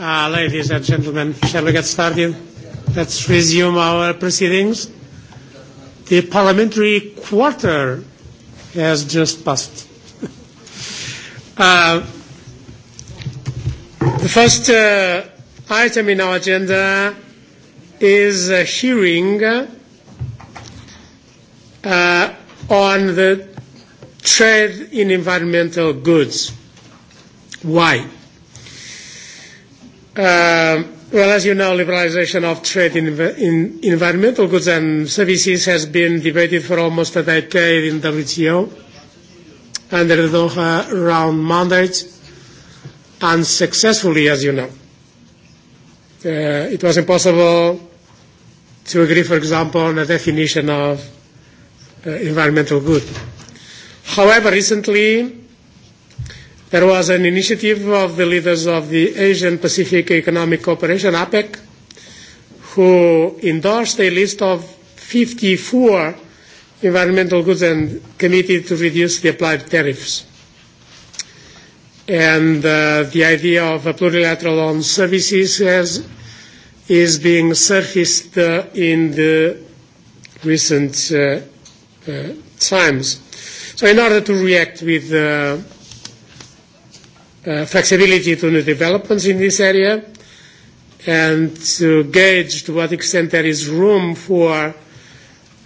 ladies and gentlemen, shall we get started? Let's resume our proceedings. The parliamentary quarter has just passed. the first item in our agenda is a hearing on the trade in environmental goods. Why? Well, as you know, liberalization of trade in environmental goods and services has been debated for almost a decade in WTO under the Doha Round mandate, unsuccessfully, as you know. It was impossible to agree, for example, on a definition of environmental good. However, recently, There was an initiative of the leaders of the Asian Pacific Economic Cooperation, APEC, who endorsed a list of 54 environmental goods and committed to reduce the applied tariffs. And uh, the idea of a plurilateral on services has, is being surfaced uh, in the recent uh, uh, times. So in order to react with uh, uh, flexibility to new developments in this area and to gauge to what extent there is room for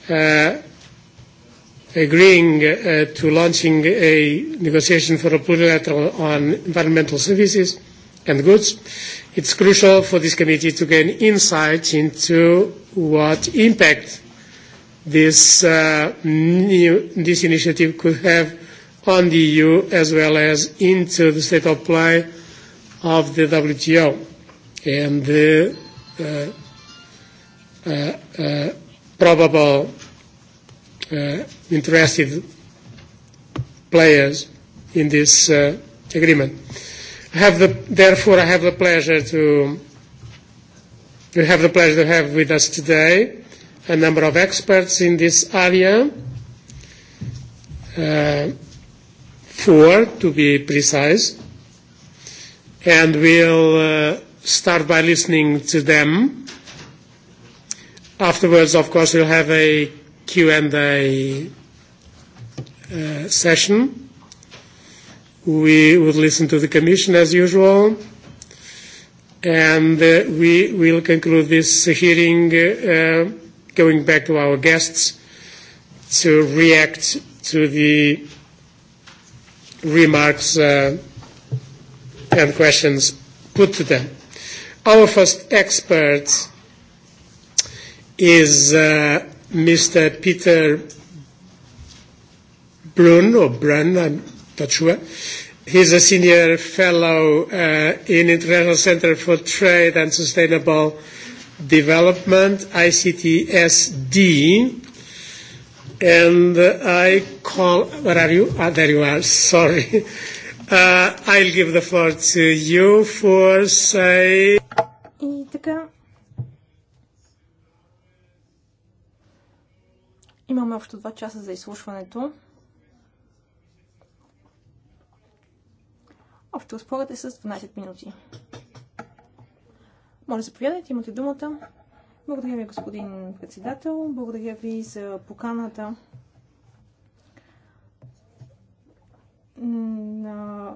uh, agreeing uh, to launching a negotiation for a plurilateral on environmental services and goods, it's crucial for this committee to gain insight into what impact this, uh, new, this initiative could have on the EU as well as into the state of play of the WTO and the uh, uh, uh, probable uh, interested players in this uh, agreement. I have the, therefore, I have the pleasure to we have the pleasure to have with us today a number of experts in this area. Uh, four to be precise, and we'll uh, start by listening to them. Afterwards, of course, we'll have a Q&A uh, session. We will listen to the Commission as usual, and uh, we will conclude this hearing uh, going back to our guests to react to the remarks uh, and questions put to them. Our first expert is uh, Mr. Peter Brun, or Brun, I'm not sure. He's a senior fellow uh, in International Center for Trade and Sustainable Development, ICTSD and uh, I call. Where are you? Ah, there you are. Sorry. Uh, I'll give the floor to you for say. И така. Имаме общо два часа за изслушването. Общо спорът е с 12 минути. Може се заповядайте, имате думата. Благодаря ви, господин председател. Благодаря ви за поканата на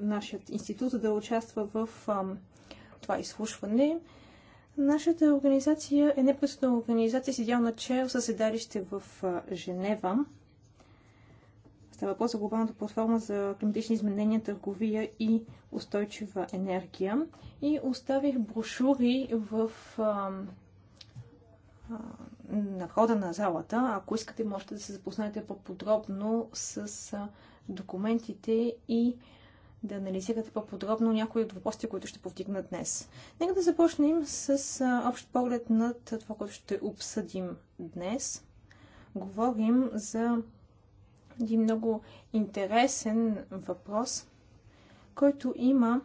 нашия институт да участва в това изслушване. Нашата организация е непростна организация с идеална чел със седалище в Женева. Става въпрос за глобалната платформа за климатични изменения, търговия и устойчива енергия. И оставих брошури в а, а, на входа на залата. Ако искате, можете да се запознаете по-подробно с а, документите и да анализирате по-подробно някои от въпросите, които ще повдигна днес. Нека да започнем с а, общ поглед над това, което ще обсъдим днес. Говорим за един много интересен въпрос, който има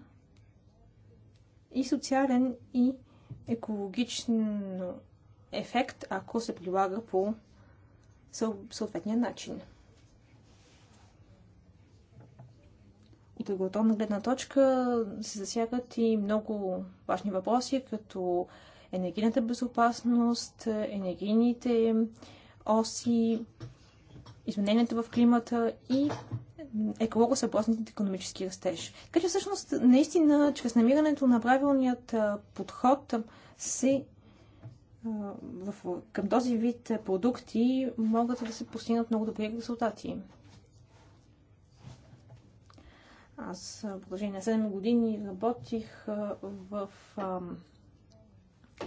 и социален, и екологичен ефект, ако се прилага по съответния начин. От регулаторна гледна точка се засягат и много важни въпроси, като енергийната безопасност, енергийните оси, измененията в климата и екологосъобразният економически растеж. Така че всъщност наистина чрез намирането на правилният подход се в, към този вид продукти могат да се постигнат много добри резултати. Аз в продължение на 7 години работих в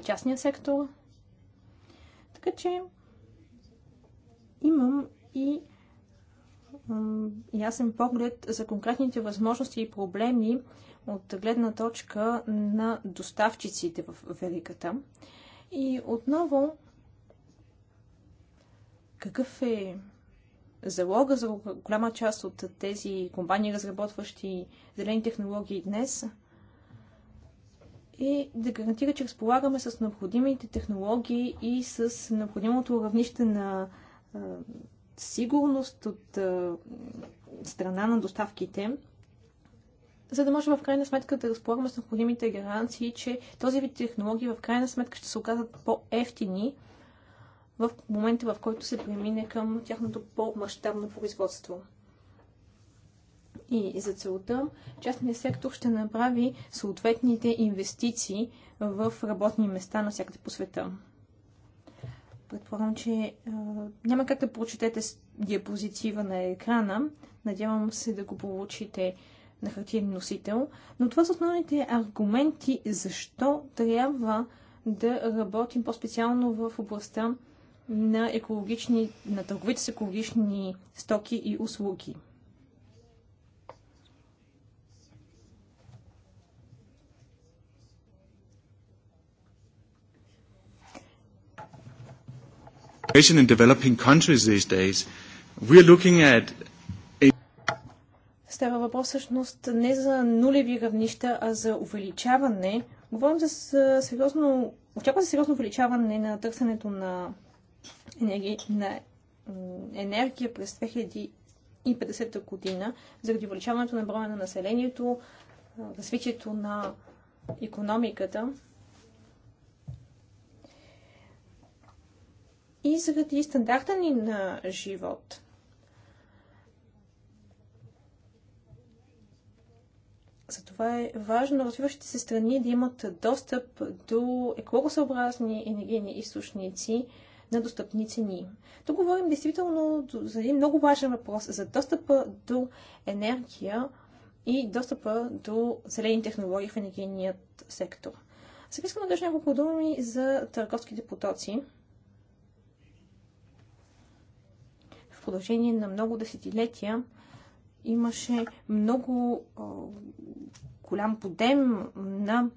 частния сектор, така че имам и ясен поглед за конкретните възможности и проблеми от гледна точка на доставчиците в Великата. И отново, какъв е залога за голяма част от тези компании, разработващи зелени технологии днес, и да гарантира, че разполагаме с необходимите технологии и с необходимото равнище на сигурност от страна на доставките, за да може в крайна сметка да разполагаме с необходимите гаранции, че този вид технологии в крайна сметка ще се оказат по-ефтини в момента, в който се премине към тяхното по-масштабно производство. И за целта частният сектор ще направи съответните инвестиции в работни места навсякъде по света. Предполагам, че а, няма как да прочетете диапозитива на екрана. Надявам се да го получите на хартиен носител. Но това са основните аргументи защо трябва да работим по-специално в областта на, екологични, на търговите с екологични стоки и услуги. situation in developing countries these days. We're looking at Става въпрос всъщност не за нулеви равнища, а за увеличаване. Говорим за сериозно, очаква се сериозно увеличаване на търсенето на енергия, на енергия през 2050 година, заради увеличаването на броя на населението, развитието на економиката. и заради стандарта ни на живот. Затова е важно развиващите се страни да имат достъп до екологосъобразни енергийни източници на достъпни цени. Тук говорим действително за един много важен въпрос за достъпа до енергия и достъпа до зелени технологии в енергийният сектор. Сега искам да кажа няколко думи за търговските потоци. продължение на много десетилетия имаше много голям подем на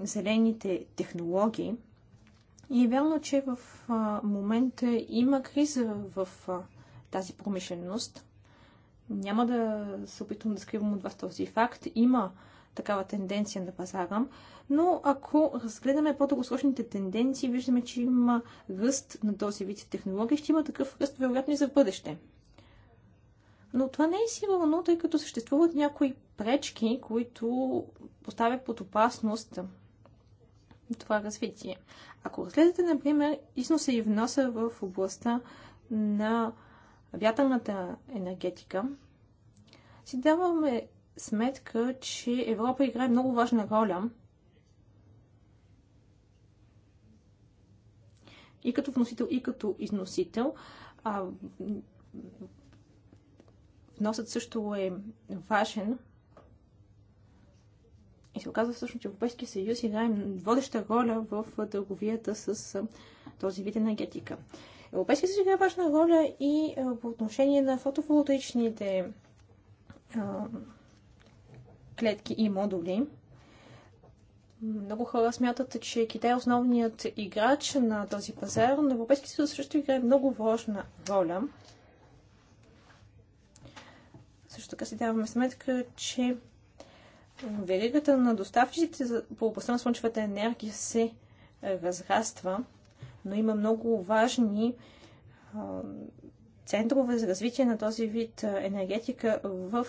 зелените технологии. И е вярно, че в момента има криза в тази промишленост. Няма да се опитвам да скривам от вас този факт. Има такава тенденция на пазара, но ако разгледаме по-дългосрочните тенденции, виждаме, че има ръст на този вид технологии, ще има такъв ръст вероятно и за бъдеще. Но това не е сигурно, тъй като съществуват някои пречки, които поставят под опасност това развитие. Ако разгледате, например, износа и вноса в областта на вятърната енергетика, си даваме сметка, че Европа играе много важна роля и като вносител, и като износител. А, вносът също е важен. И се оказва всъщност, че Европейския съюз играе водеща роля в търговията с този вид енергетика. Европейския съюз играе важна роля и по отношение на фотоволтаичните клетки и модули. Много хора смятат, че Китай е основният играч на този пазар, но Европейски съюз също играе много важна роля. Също така си даваме сметка, че веригата на доставчиците по областта на слънчевата енергия се разраства, но има много важни центрове за развитие на този вид енергетика в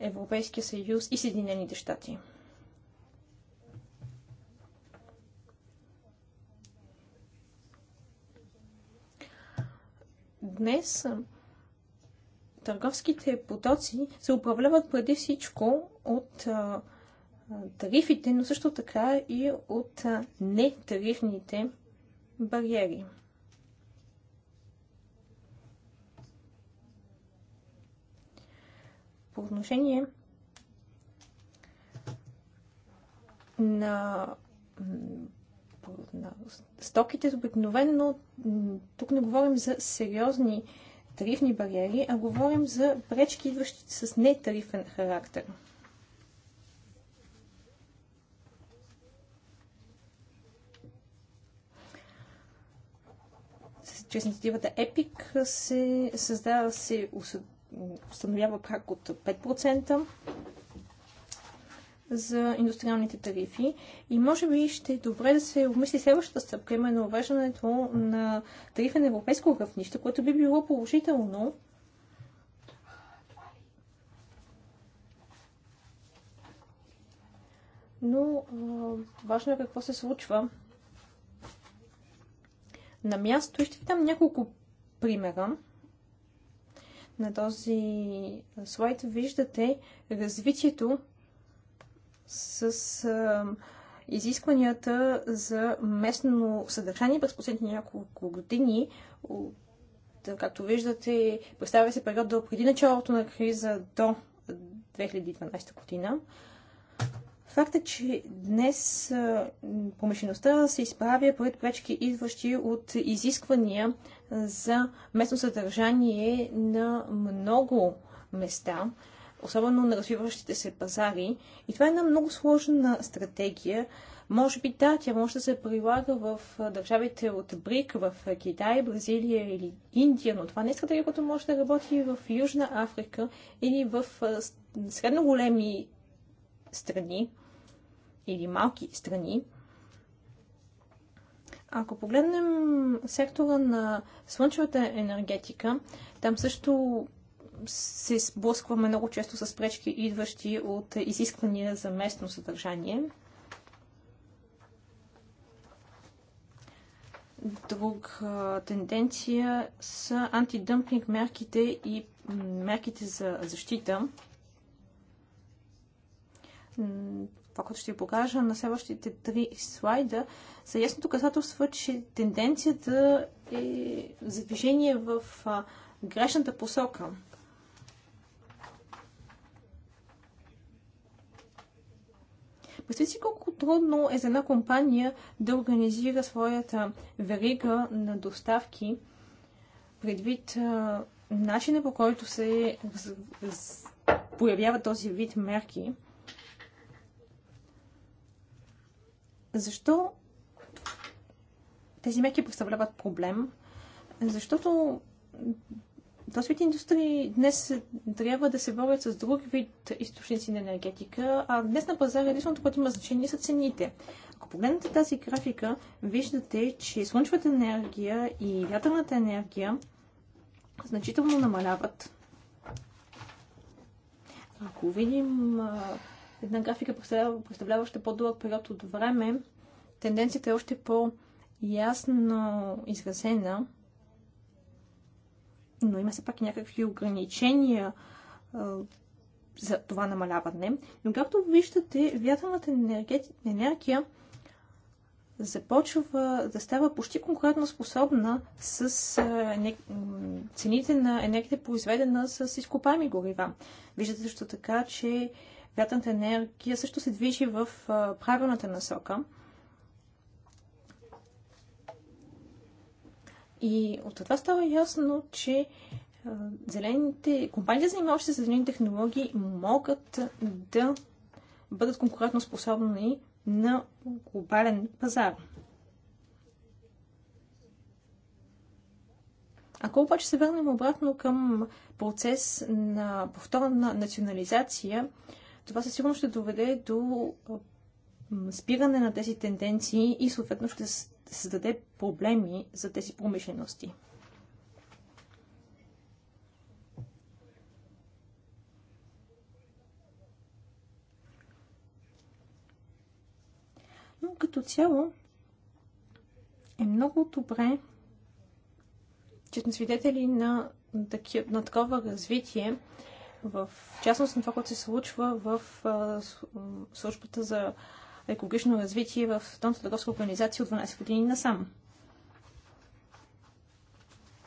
Европейския съюз и Съединените щати. Днес търговските потоци се управляват преди всичко от тарифите, но също така и от нетарифните бариери. по отношение на, на стоките обикновено тук не говорим за сериозни тарифни бариери, а говорим за пречки, идващи с нетарифен характер. чрез инициативата EPIC се създава се установява прак от 5% за индустриалните тарифи. И може би ще е добре да се обмисли следващата стъпка, именно въвеждането на тарифа на европейско равнище, което би било положително но важно е какво се случва на място. Ще ви дам няколко примера на този слайд виждате развитието с а, изискванията за местно съдържание през последните няколко години. От, както виждате, представя се период до преди началото на криза до 2012 година. Факт е, че днес промишлеността се изправя пред пречки, идващи от изисквания за местно съдържание на много места, особено на развиващите се пазари. И това е една много сложна стратегия. Може би да, тя може да се прилага в държавите от БРИК, в Китай, Бразилия или Индия, но това не е стратегия, която може да работи в Южна Африка или в средно големи страни, или малки страни. Ако погледнем сектора на слънчевата енергетика, там също се сблъскваме много често с пречки, идващи от изисквания за местно съдържание. Друг тенденция са антидъмпинг мерките и мерките за защита това, което ще ви покажа на следващите три слайда, са ясно доказателства, че тенденцията е за движение в грешната посока. Представете си колко трудно е за една компания да организира своята верига на доставки предвид начина по който се появява този вид мерки. Защо тези мерки представляват проблем? Защото този индустрии днес трябва да се борят с друг вид източници на енергетика, а днес на пазара единственото, което има значение са цените. Ако погледнете тази графика, виждате, че слънчевата енергия и вятърната енергия значително намаляват. Ако видим една графика, представляваща по-дълъг период от време, тенденцията е още по-ясно изразена, но има все пак някакви ограничения а, за това намаляване. Но както виждате, вятърната енергия, започва да става почти конкретно способна с цените на енергията, произведена с изкопаеми горива. Виждате също така, че вятърната енергия също се движи в правилната насока. И от това става ясно, че зелените, компаниите, занимаващи се с зелени технологии, могат да бъдат конкурентно способни на глобален пазар. Ако обаче се върнем обратно към процес на повторна национализация, това със сигурност ще доведе до спиране на тези тенденции и съответно ще създаде проблеми за тези промишлености. Но като цяло е много добре, че сме свидетели на, на такова развитие в частност на това, което се случва в службата за екологично развитие в Световната търговска организация от 12 години насам.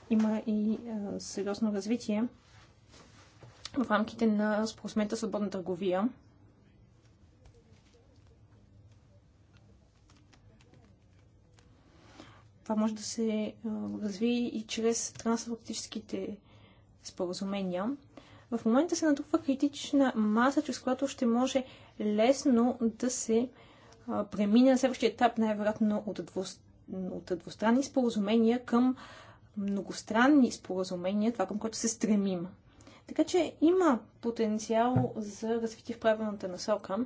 Има и а, сериозно развитие в рамките на споразумението свободна търговия. Това може да се разви и чрез трансатлантическите споразумения в момента се натрупва критична маса, чрез която ще може лесно да се а, премине на следващия етап, най-вероятно от, от двустранни споразумения към многостранни споразумения, това към което се стремим. Така че има потенциал за развитие в правилната насока,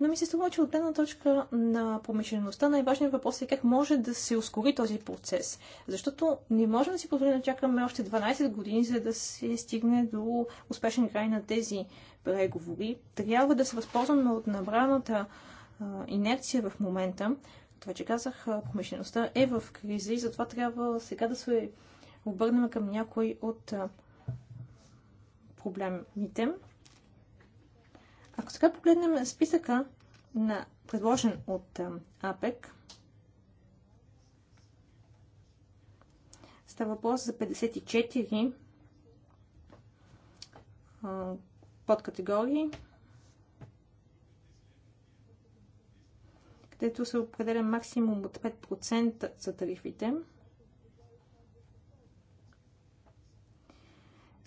но ми се струва, че от гледна точка на промишлеността най-важният въпрос е как може да се ускори този процес. Защото не можем да си позволим да чакаме още 12 години, за да се стигне до успешен край на тези преговори. Трябва да се възползваме от набраната а, инерция в момента. Това, че казах, промишлеността е в криза и затова трябва сега да се обърнем към някой от а, проблемите. Ако сега погледнем списъка на предложен от АПЕК, става въпрос за 54 подкатегории, където се определя максимум от 5% за тарифите.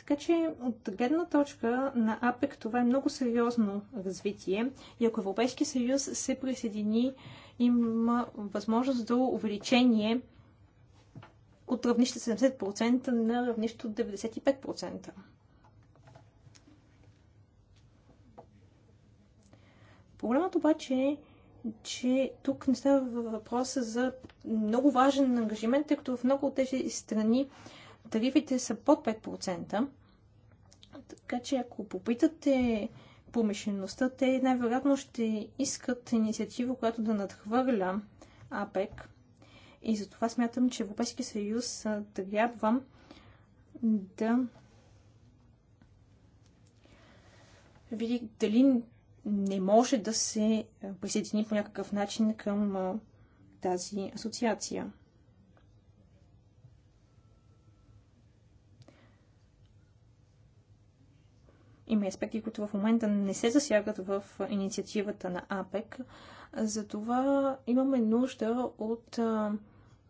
Така че от гледна точка на АПЕК това е много сериозно развитие и ако Европейски съюз се присъедини, има възможност до увеличение от равнище 70% на равнище от 95%. Проблемът обаче е, че тук не става въпроса за много важен ангажимент, тъй като в много от тези страни тарифите са под 5%. Така че ако попитате промишлеността, те най-вероятно ще искат инициатива, която да надхвърля АПЕК. И затова смятам, че Европейския съюз трябва да види дали не може да се присъедини по някакъв начин към тази асоциация. Има аспекти, които в момента не се засягат в инициативата на АПЕК. Затова имаме нужда от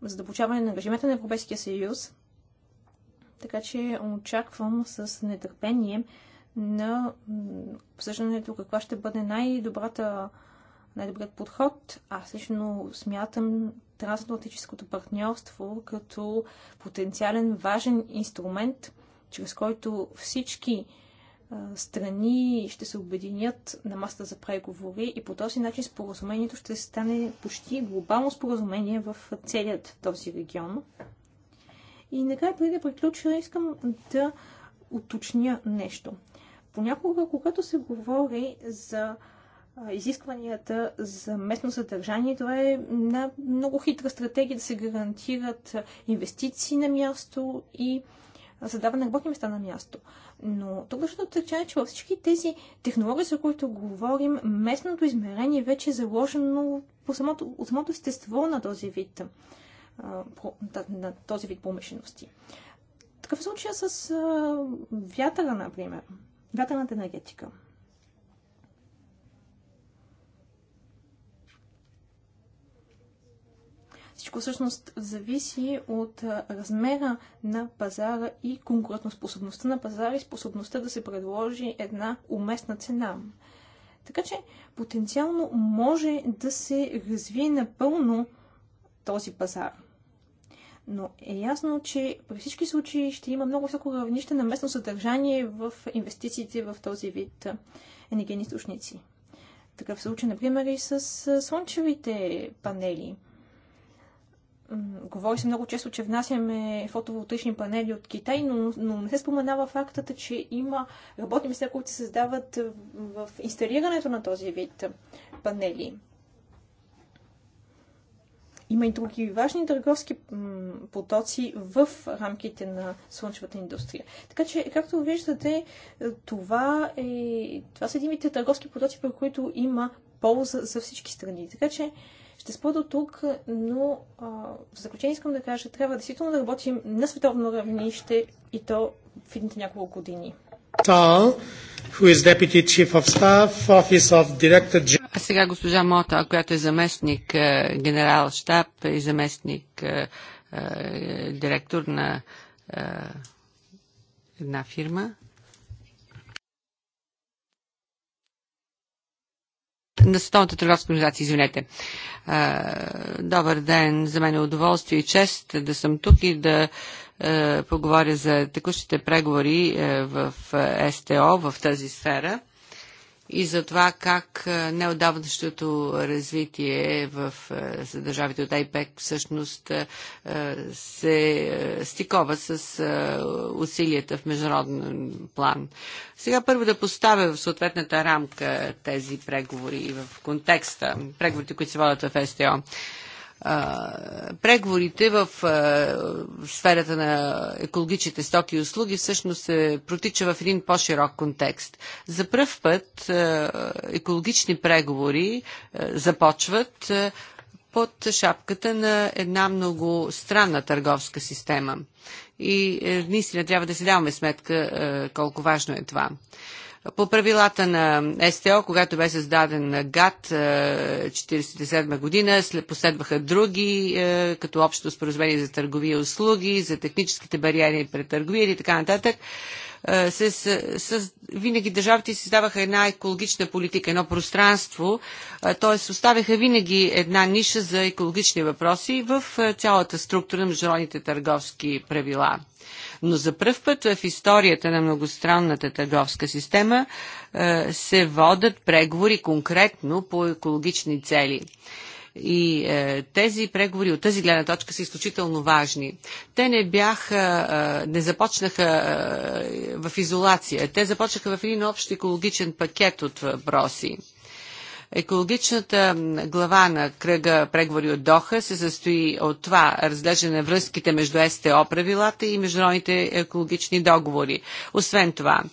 задълбочаване на ангажимента на Европейския съюз. Така че очаквам с нетърпение на обсъждането каква ще бъде най-добрата най-добрият подход. Аз лично смятам трансатлантическото партньорство като потенциален важен инструмент, чрез който всички страни ще се обединят на масата за преговори и по този начин споразумението ще стане почти глобално споразумение в целият този регион. И накрая, преди да приключа, искам да уточня нещо. Понякога, когато се говори за изискванията за местно съдържание. Това е много хитра стратегия да се гарантират инвестиции на място и създаване на работни места на място. Но тук държа да че във всички тези технологии, за които говорим, местното измерение вече е заложено по самото, от самото естество на този вид, на този вид промишлености. Такъв случай е с вятъра, например, вятърната енергетика. Всичко всъщност зависи от размера на пазара и конкурентоспособността на пазара и способността да се предложи една уместна цена. Така че потенциално може да се развие напълно този пазар. Но е ясно, че при всички случаи ще има много високо равнище на местно съдържание в инвестициите в този вид енергийни източници. Такъв случай, например, и с слънчевите панели – Говори се много често, че внасяме фотоволтаични панели от Китай, но, но не се споменава фактата, че има работни места, които се създават в инсталирането на този вид панели. Има и други важни търговски потоци в рамките на слънчевата индустрия. Така че, както виждате, това, е, това са едините търговски потоци, при които има полза за всички страни. Така че, ще спа до тук, но а, в заключение искам да кажа, трябва действително да работим на световно равнище и то в едните няколко години. А сега госпожа Мота, която е заместник е, генерал штаб и заместник е, е, директор на една фирма. на Световната търговска организация, извинете. Добър ден, за мен е удоволствие и чест да съм тук и да поговоря за текущите преговори в СТО в тази сфера и за това как неодавнащото развитие в държавите от АйПЕК всъщност се стикова с усилията в международен план. Сега първо да поставя в съответната рамка тези преговори и в контекста, преговорите, които се водят в СТО преговорите в сферата на екологичните стоки и услуги всъщност се протича в един по-широк контекст. За пръв път екологични преговори започват под шапката на една многостранна търговска система. И е, наистина трябва да си даваме сметка е, колко важно е това. По правилата на СТО, когато бе създаден ГАТ 1947 е, година, след последваха други, е, като общо споразумение за търговия и услуги, за техническите бариери пред търговия и така нататък. Е, с, с, винаги държавите създаваха една екологична политика, едно пространство, т.е. оставяха винаги една ниша за екологични въпроси в цялата структура на международните търговски правила. Но за пръв път в историята на многостранната търговска система е, се водат преговори конкретно по екологични цели. И е, тези преговори от тази гледна точка са изключително важни. Те не бяха, е, не започнаха е, в изолация. Те започнаха в един общ екологичен пакет от въпроси. Екологичната глава на кръга преговори от Доха се състои от това разглеждане на връзките между СТО правилата и международните екологични договори. Освен това,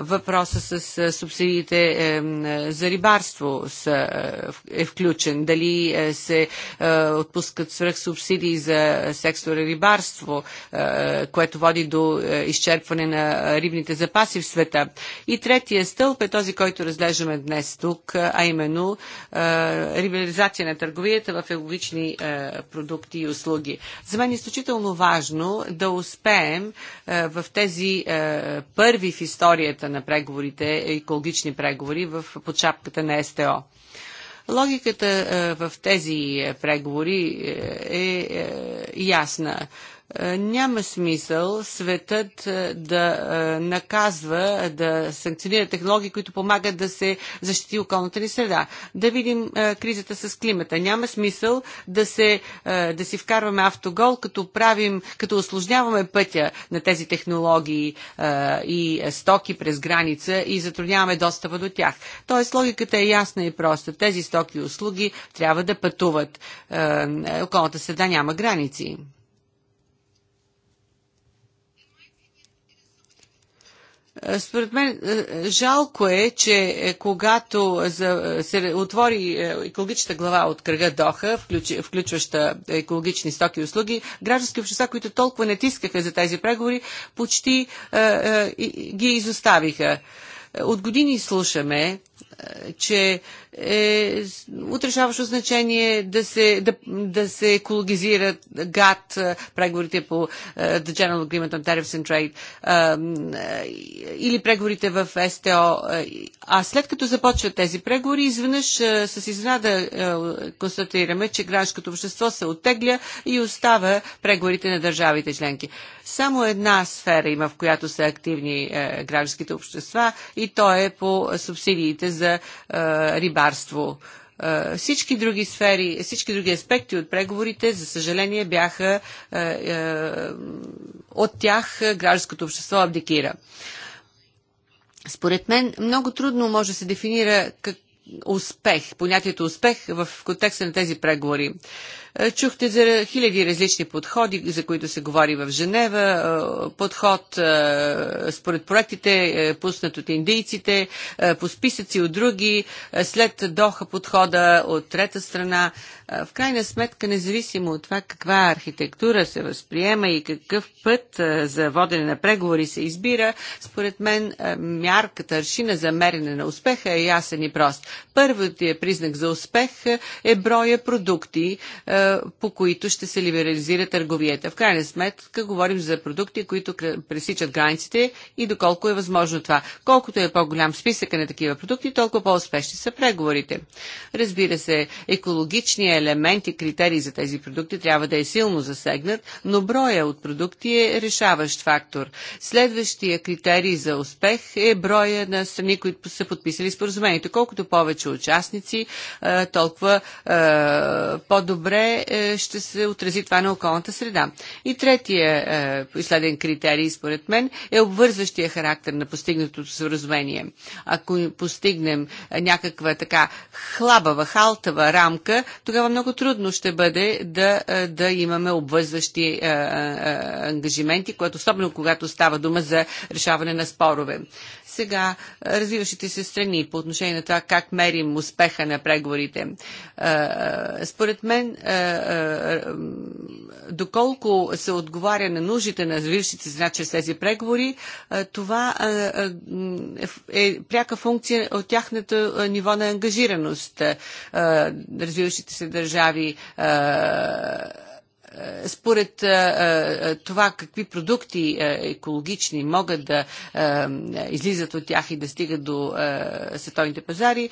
въпроса с субсидиите е, за рибарство е, е включен. Дали е, се отпускат свръхсубсидии за сектора рибарство, което води до изчерпване на рибните запаси в света. И третия стълб е този, който разглеждаме днес тук, а именно либерализация е, на търговията в екологични е, продукти и услуги. За мен е изключително важно да успеем е, в тези първи в историята на преговорите, екологични преговори в подшапката на СТО. Логиката в тези преговори е ясна. Е, няма смисъл светът е, да е, наказва, да санкционира технологии, които помагат да се защити околната ни среда. Да видим кризата с климата. Няма смисъл да, се, да си вкарваме автогол, като правим, като осложняваме пътя на тези технологии и стоки през граница и затрудняваме достъпа до тях. Тоест логиката е ясна и проста. Тези стоки и услуги трябва да пътуват. Околната среда няма граници. Е, според мен е, жалко е, че е, когато се отвори екологичната глава от кръга Доха, включваща екологични стоки и услуги, граждански общества, които толкова не тискаха за тези преговори, почти ги изоставиха. От години слушаме е, че е отрешаващо значение да се, да, да се екологизират гад е, преговорите по uh, The General Agreement on Tariffs and Trade uh, или преговорите в СТО. А след като започват тези преговори, изведнъж uh, с изнада uh, констатираме, че гражданското общество се оттегля и остава преговорите на държавите членки. Само една сфера има, в която са активни uh, гражданските общества и то е по субсидиите за за рибарство всички други сфери, всички други аспекти от преговорите, за съжаление, бяха а, а, от тях гражданското общество абдикира. Според мен много трудно може да се дефинира как успех, понятието успех в контекста на тези преговори. Е, чухте за хиляди различни подходи, за които се говори в Женева. Е, подход е, според проектите, пуснат от индийците, по списъци от други, след Доха подхода от трета страна. В крайна сметка, независимо от това каква архитектура се възприема и какъв път за водене на преговори се избира, според мен мярката, аршина за мерене на успеха е ясен и прост. Първият признак за успех е броя продукти, по които ще се либерализира търговията. В крайна сметка говорим за продукти, които пресичат границите и доколко е възможно това. Колкото е по-голям списък на такива продукти, толкова по-успешни са преговорите. Разбира се, екологичният елемент и критерии за тези продукти трябва да е силно засегнат, но броя от продукти е решаващ фактор. Следващия критерий за успех е броя на страни, които са подписали споразумението. Колкото повече участници, толкова по-добре е, ще се отрази това на околната среда. И третия изследен е, критерий, според мен, е обвързващия характер на постигнатото съвразумение. Ако постигнем е, някаква така хлабава, халтава рамка, тогава много трудно ще бъде да, да имаме обвързващи ангажименти, което особено когато става дума за решаване на спорове. Сега развиващите се страни по отношение на това как мерим успеха на преговорите. Според мен, доколко се отговаря на нуждите на развиващите се страни чрез тези преговори, това е пряка функция от тяхната ниво на ангажираност. Развиващите се държави е, според е, е, това какви продукти екологични могат да излизат от тях и да стигат до световните пазари,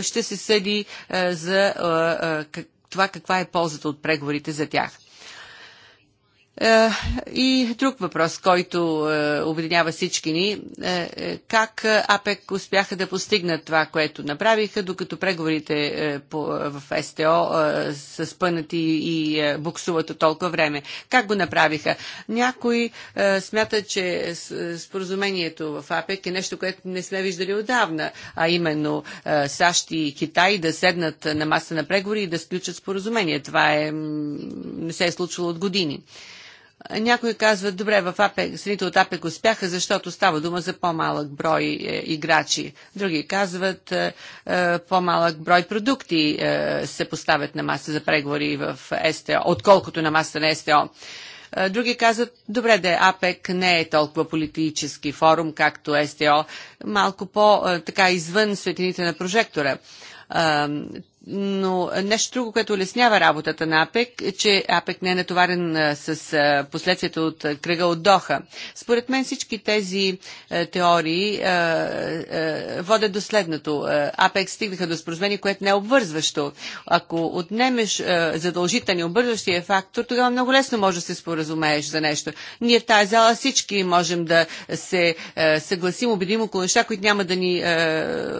ще се съди за това каква е ползата от преговорите за тях. Е, и друг въпрос, който е, обединява всички ни. Е, как АПЕК успяха да постигнат това, което направиха, докато преговорите в СТО са спънати и буксуват от толкова време? Как го направиха? Някой смята, че споразумението в АПЕК е нещо, което не сме виждали отдавна, а именно САЩ и Китай да седнат на маса на преговори и да сключат споразумение. Това е, не се е случвало от години. Някои казват, добре, в АПЕК, страните от АПЕК успяха, защото става дума за по-малък брой е, играчи. Други казват, е, е, по-малък брой продукти е, се поставят на маса за преговори в СТО, отколкото на маса на СТО. Е, други казват, добре да АПЕК не е толкова политически форум, както СТО, малко по-така е, извън светините на прожектора но нещо друго, което улеснява работата на АПЕК, е, че АПЕК не е натоварен с последствията от кръга от Доха. Според мен всички тези теории водят до следното. АПЕК стигнаха до споразумение, което не е обвързващо. Ако отнемеш задължителен и обвързващия фактор, тогава много лесно може да се споразумееш за нещо. Ние в тази зала всички можем да се съгласим, убедим около неща, които няма да ни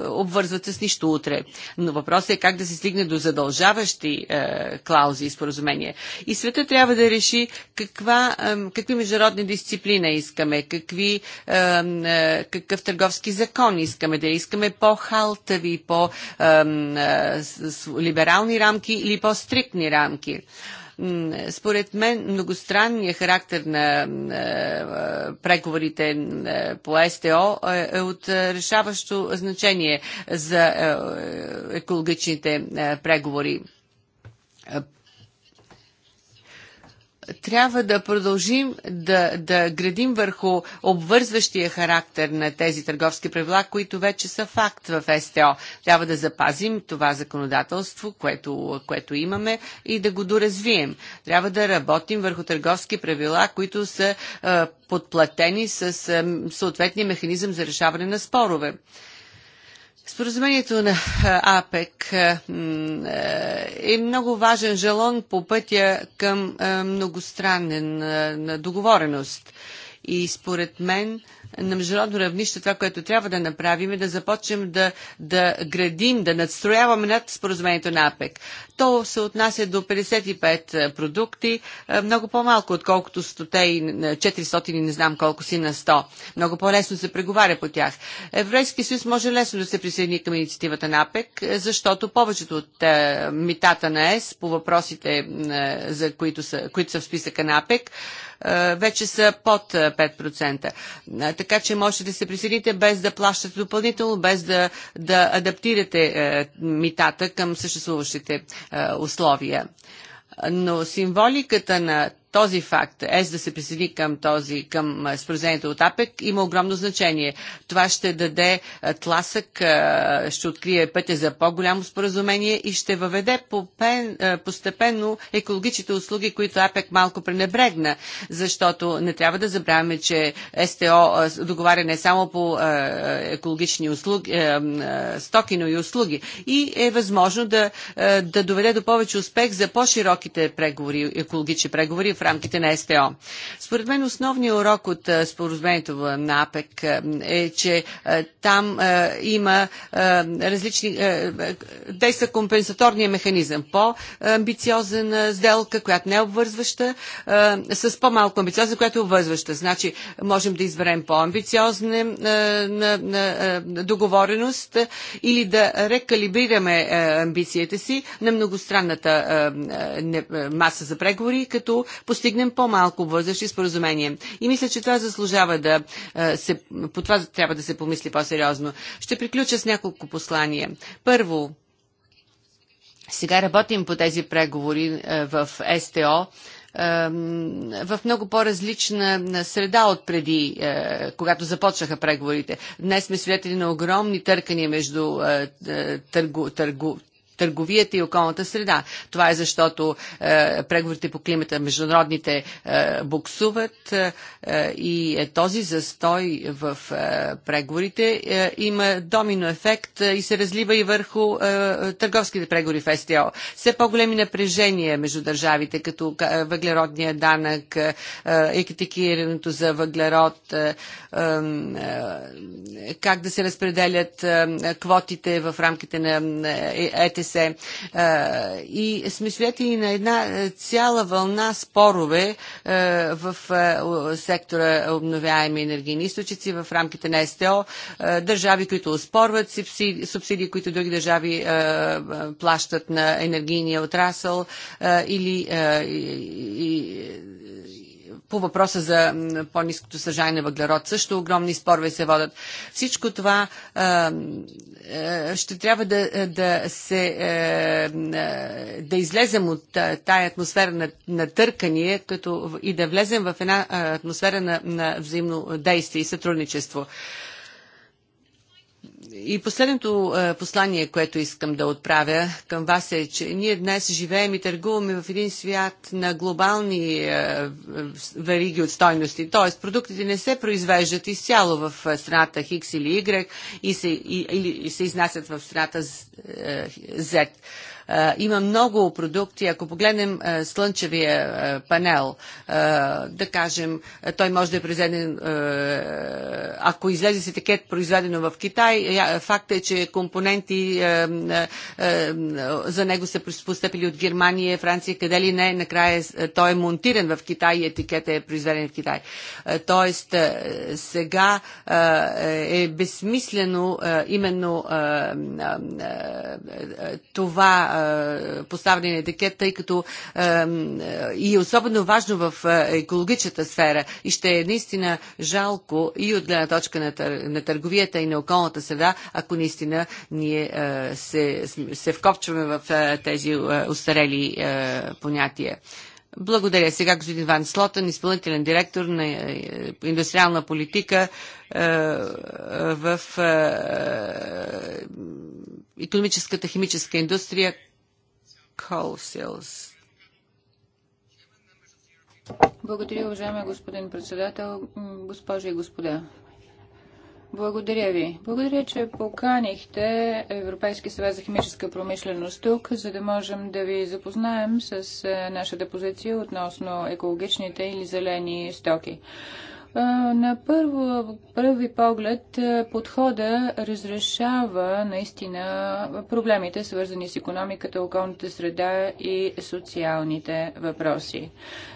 обвързват с нищо утре. Но въпросът е как да се се стигне до задължаващи е, клаузи и споразумения. И света трябва да реши каква, е, какви международни дисциплина искаме, какви, е, е, какъв търговски закон искаме, да искаме по-халтави, по-либерални е, е, либерални рамки или по-стриктни рамки. Според мен многостранният характер на е, преговорите е, по СТО е, е от решаващо значение за екологичните преговори трябва да продължим да, да градим върху обвързващия характер на тези търговски правила, които вече са факт в СТО. Трябва да запазим това законодателство, което, което имаме и да го доразвием. Трябва да работим върху търговски правила, които са а, подплатени с а, съответния механизъм за решаване на спорове. Споразумението на АПЕК е много важен жалон по пътя към многостранен договореност. И според мен на международно равнище това, което трябва да направим е да започнем да, да градим, да надстрояваме над споразумението на АПЕК. То се отнася до 55 продукти, много по-малко, отколкото 100, 400 и не знам колко си на 100. Много по-лесно се преговаря по тях. Еврейски съюз може лесно да се присъедини към инициативата на АПЕК, защото повечето от митата на ЕС по въпросите, за които са, които са в списъка на АПЕК, е, вече са под 5%. Е, е, така че можете да се присъедините без да плащате допълнително, без да, да адаптирате митата към съществуващите условия но символиката на този факт, ЕС да се присъедини към, този, към споразумението от АПЕК, има огромно значение. Това ще даде тласък, ще открие пътя за по-голямо споразумение и ще въведе постепенно екологичните услуги, които АПЕК малко пренебрегна, защото не трябва да забравяме, че СТО договаря не само по екологични услуги, стоки, но и услуги. И е възможно да, да доведе до повече успех за по-широките преговори, екологични преговори в в рамките на СТО. Според мен основният урок от споразумението на АПЕК е, че там има различни... Действа компенсаторния механизъм. по амбициозен сделка, която не е обвързваща, с по-малко амбициозна, която е обвързваща. Значи можем да изберем по-амбициозна договореност или да рекалибрираме амбициите си на многостранната маса за преговори, като постигнем по-малко вързащи споразумения. И мисля, че това заслужава да е, се, по това трябва да се помисли по-сериозно. Ще приключа с няколко послания. Първо, сега работим по тези преговори е, в СТО е, в много по-различна среда от преди, когато започнаха преговорите. Днес сме свидетели на огромни търкания между търгу, търгу, търговията и околната среда. Това е защото е, преговорите по климата международните е, буксуват е, е, и е, този застой в е, преговорите е, има домино ефект е, и се разлива и върху е, търговските преговори в СТО. Все по-големи напрежения между държавите, като е, въглеродния данък, е, е за въглерод, е, е, е, как да се разпределят е, квотите в рамките на е, СТС. Е, и сме свидетели на една е, цяла вълна спорове е, в сектора обновяеми енергийни източници в рамките на СТО. Държави, които спорват субсидии които други държави плащат на енергийния отрасъл или по въпроса за по-низкото съжаление на въглерод също огромни спорове се водят. Всичко това а, а, ще трябва да, да се а, е, е, да излезем от е, тая атмосфера на, на търкание като, и да влезем в една атмосфера на, на взаимно действие и сътрудничество. И последното е, послание, което искам да отправя към вас е, че ние днес живеем и търгуваме в един свят на глобални е, вериги от стойности. Т.е. продуктите не се произвеждат изцяло в е, страната Хикс или Y и се, и, или, и се изнасят в страната Z. Има много продукти. Ако погледнем слънчевия панел, да кажем, той може да е произведен, ако излезе с етикет произведено в Китай, факт е, че компоненти за него са постъпили от Германия, Франция, къде ли не, накрая той е монтиран в Китай и етикет е произведен в Китай. Тоест, сега е безсмислено именно това е, това на етикет, тъй като е, е, и е особено важно в екологичната сфера и ще е наистина жалко и от гледна точка на, тър, на търговията и на околната среда, ако наистина ние се, се вкопчваме в тези устарели понятия. Благодаря. Сега господин Ван Слотен, изпълнителен директор на е, индустриална политика е, в економическата е, химическа индустрия Coalsales. Благодаря, уважаеми господин председател, госпожи и господа. Благодаря ви. Благодаря, че поканихте Европейски съвет за химическа промишленост тук, за да можем да ви запознаем с е, нашата позиция относно екологичните или зелени стоки. На първо, първи поглед подхода разрешава наистина проблемите, свързани с економиката, околната среда и социалните въпроси.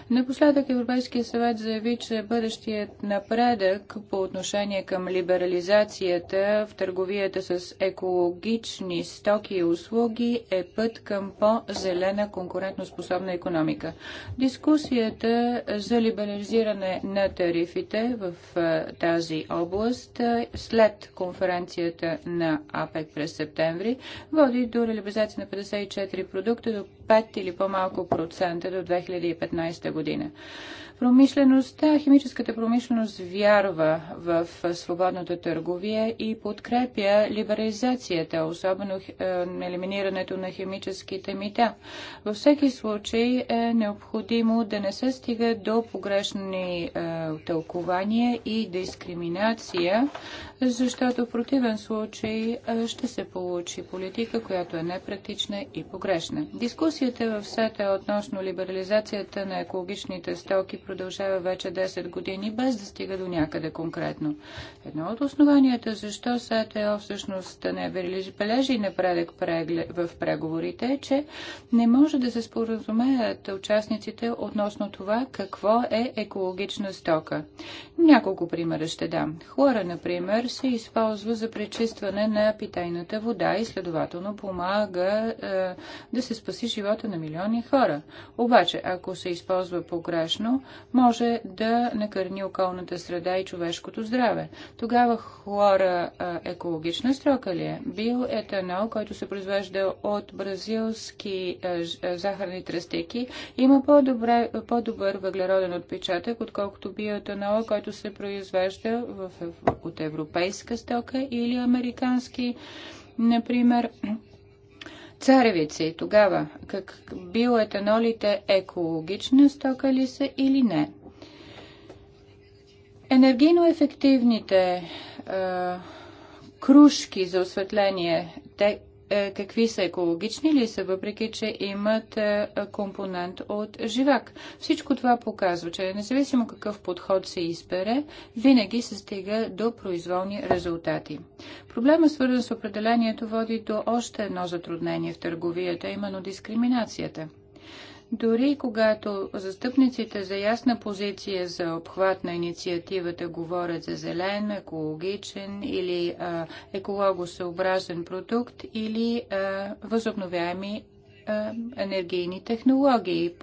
Напоследък Европейския съвет заяви, че бъдещият напредък по отношение към либерализацията в търговията с екологични стоки и услуги е път към по-зелена конкурентоспособна економика. Дискусията за либерализиране на тарифите преговорите в тази област след конференцията на АПЕК през септември води до реализация на 54 продукта до 5 или по-малко процента до 2015 година. Промишлеността, химическата промишленост вярва в свободната търговия и подкрепя либерализацията, особено е, елиминирането на химическите мита. Във всеки случай е необходимо да не се стига до погрешни е, тълкования и дискриминация, защото в противен случай е, ще се получи политика, която е непрактична и погрешна. Дискусията в СЕТА относно либерализацията на екологичните стоки продължава вече 10 години, без да стига до някъде конкретно. Едно от основанията защо СТО всъщност не бележи напредък в преговорите е, че не може да се споразумеят участниците относно това какво е екологична стока. Няколко примера ще дам. Хлора, например, се използва за пречистване на питайната вода и следователно помага е, да се спаси живота на милиони хора. Обаче, ако се използва погрешно, може да накърни околната среда и човешкото здраве. Тогава хлора а, екологична строка ли е? Биоетанол, който се произвежда от бразилски а, захарни тръстеки, има по-добър по въглероден отпечатък, отколкото биоетанола, който се произвежда в, в, от европейска стока или американски, например, царевица и тогава как биоетанолите екологична стока ли са или не. Енергийно ефективните е, кружки за осветление, те е, какви са екологични ли са, въпреки че имат е, компонент от живак. Всичко това показва, че независимо какъв подход се избере, винаги се стига до произволни резултати. Проблема свързан с определението води до още едно затруднение в търговията, именно дискриминацията. Дори когато застъпниците за ясна позиция за обхват на инициативата говорят за зелен, екологичен или а, екологосъобразен продукт или а, възобновяеми енергийни технологии.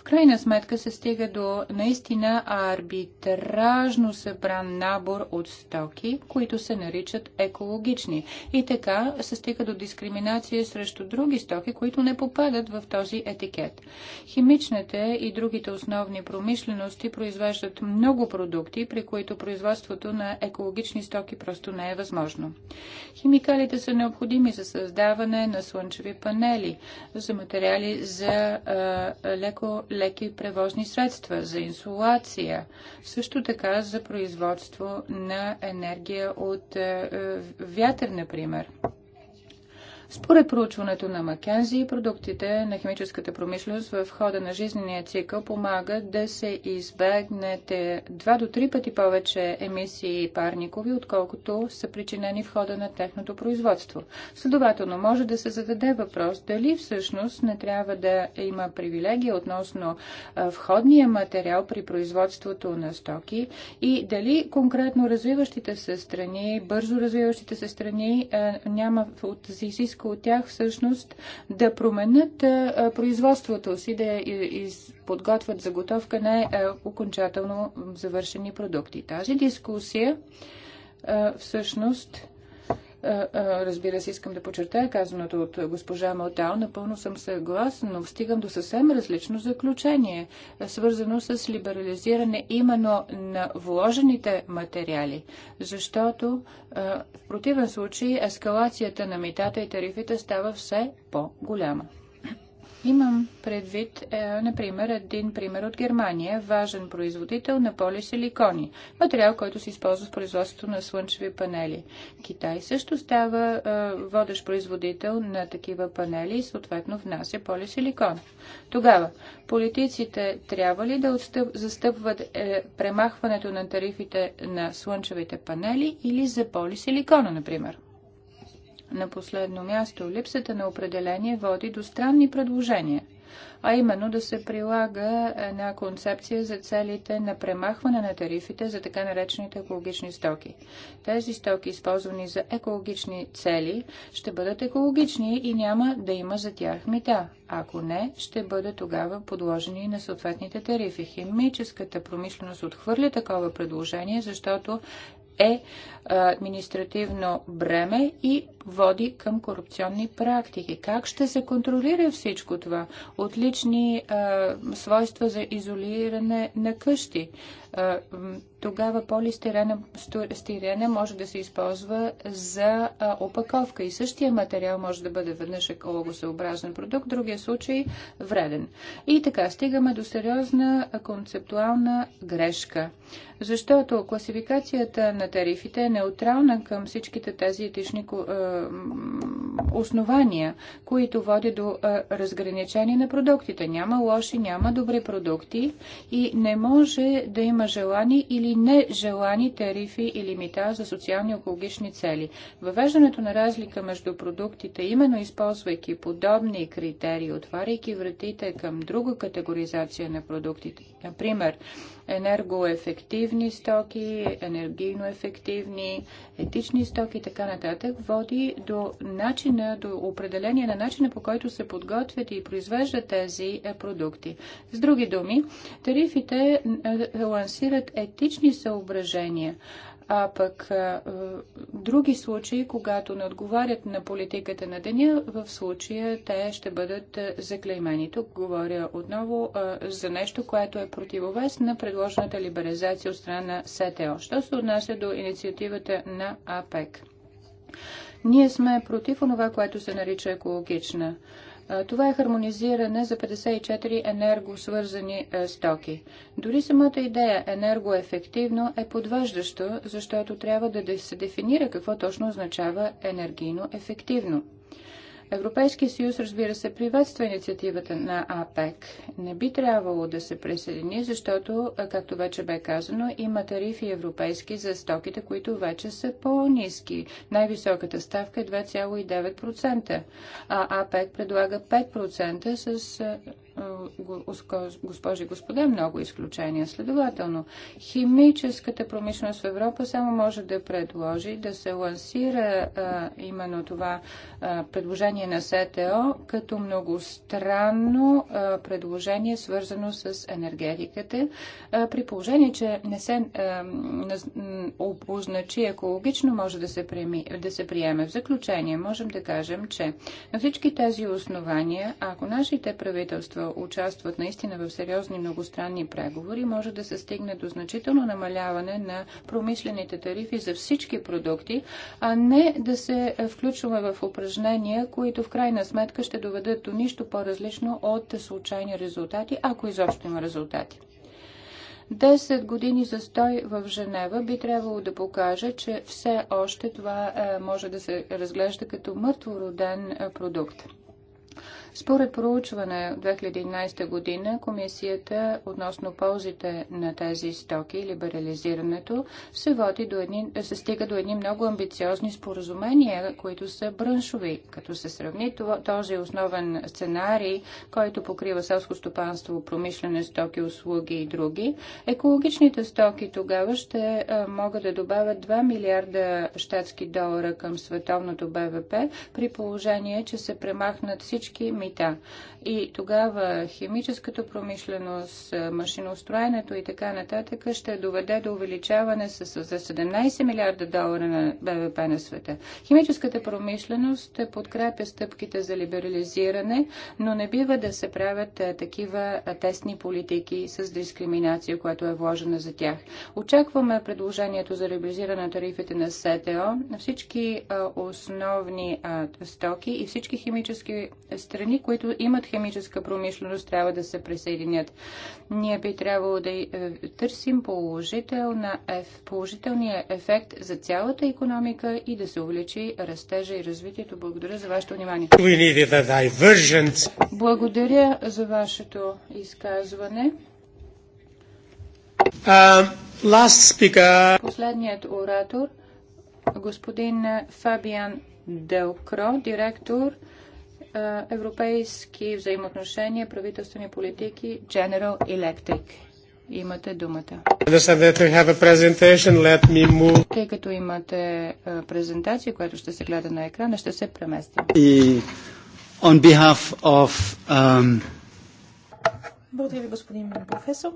В крайна сметка се стига до наистина арбитражно събран набор от стоки, които се наричат екологични. И така се стига до дискриминация срещу други стоки, които не попадат в този етикет. Химичните и другите основни промишлености произвеждат много продукти, при които производството на екологични стоки просто не е възможно. Химикалите са необходими за създаване на слънчеви панели, за материали за а, леко леки превозни средства, за инсулация, също така за производство на енергия от е, е, вятър, например. Според проучването на Макензи, продуктите на химическата промишленост в хода на жизнения цикъл помагат да се избегнете 2 до 3 пъти повече емисии парникови, отколкото са причинени в хода на техното производство. Следователно, може да се зададе въпрос дали всъщност не трябва да има привилегия относно входния материал при производството на стоки и дали конкретно развиващите се страни, бързо развиващите се страни няма от изискването иска от тях всъщност да променят производството си, да подготвят заготовка на окончателно завършени продукти. Тази дискусия всъщност е, е, разбира се, искам да подчертая казаното от госпожа Малтао. Напълно съм съгласен, но стигам до съвсем различно заключение, свързано с либерализиране именно на вложените материали, защото е, в противен случай ескалацията на митата и тарифите става все по-голяма. Имам предвид, е, например, един пример от Германия, важен производител на полисиликони, материал, който се използва в производството на слънчеви панели. Китай също става е, водещ производител на такива панели и съответно внася полисиликон. Тогава, политиците трябва ли да отстъп, застъпват е, премахването на тарифите на слънчевите панели или за полисиликона, например? На последно място, липсата на определение води до странни предложения а именно да се прилага една концепция за целите на премахване на тарифите за така наречените екологични стоки. Тези стоки, използвани за екологични цели, ще бъдат екологични и няма да има за тях мита. Ако не, ще бъде тогава подложени на съответните тарифи. Химическата промишленост отхвърля такова предложение, защото е административно бреме и води към корупционни практики. Как ще се контролира всичко това? Отлични а, свойства за изолиране на къщи. А, тогава полистирена стирена може да се използва за а, опаковка и същия материал може да бъде веднъж екологосъобразен продукт, в другия случай вреден. И така стигаме до сериозна концептуална грешка, защото класификацията на тарифите е неутрална към всичките тези етични а, основания, които водят до разграничение на продуктите. Няма лоши, няма добри продукти и не може да има желани или нежелани тарифи и лимита за социални и екологични цели. Въвеждането на разлика между продуктите, именно използвайки подобни критерии, отваряйки вратите към друга категоризация на продуктите, например, енергоефективни стоки, енергийно ефективни, етични стоки и така нататък, води до начина, до определение на начина по който се подготвят и произвеждат тези е, продукти. С други думи, тарифите е, е, лансират етични съображения а пък други случаи, когато не отговарят на политиката на деня, в случая те ще бъдат заклеймени. Тук говоря отново за нещо, което е противовес на предложената либерализация от страна на СТО. Що се отнася до инициативата на АПЕК? Ние сме против онова, което се нарича екологична това е хармонизиране за 54 енергосвързани е, стоки. Дори самата идея енергоефективно е подвеждащо, защото трябва да се дефинира какво точно означава енергийно ефективно. Европейския съюз, разбира се, приветства инициативата на АПЕК. Не би трябвало да се присъедини, защото, както вече бе казано, има тарифи европейски за стоките, които вече са по-низки. Най-високата ставка е 2,9%, а АПЕК предлага 5% с е, госпожи и господа, много изключения. Следователно, химическата промишленост в Европа само може да предложи да се лансира а, именно това а, предложение на СТО като многостранно а, предложение, свързано с енергетиката, а, при положение, че не се обозначи екологично, може да се, приеми, да се приеме. В заключение, можем да кажем, че на всички тези основания, ако нашите правителства участват наистина в сериозни многостранни преговори, може да се стигне до значително намаляване на промишлените тарифи за всички продукти, а не да се включваме в упражнения, които в крайна сметка ще доведат до нищо по-различно от случайни резултати, ако изобщо има резултати. 10 години застой в Женева би трябвало да покаже, че все още това е, може да се разглежда като мъртвороден е, продукт. Според проучване от 2011 година, комисията относно ползите на тези стоки и либерализирането се, води до едни, се стига до едни много амбициозни споразумения, които са браншови. Като се сравни този основен сценарий, който покрива селско стопанство, промишлене стоки, услуги и други, екологичните стоки тогава ще могат да добавят 2 милиарда щатски долара към световното БВП, при положение, че се премахнат всички мита. И тогава химическата промишленост, машиностроенето и така нататък ще доведе до увеличаване с, за 17 милиарда долара на БВП на света. Химическата промишленост подкрепя стъпките за либерализиране, но не бива да се правят такива тесни политики с дискриминация, която е вложена за тях. Очакваме предложението за либерализиране на тарифите на СТО на всички основни стоки и всички химически страни, които имат химическа промишленост трябва да се присъединят. Ние би трябвало да е, търсим положителна, положителния ефект за цялата економика и да се увеличи растежа и развитието. Благодаря за вашето внимание. Благодаря за вашето изказване. Uh, Последният оратор, господин Фабиан Делкро, директор европейски взаимоотношения, правителствени политики, General Electric. Имате думата. Тъй като имате презентация, която ще се гледа на екрана, ще се преместим. И on behalf of... Um... Благодаря ви, господин професор.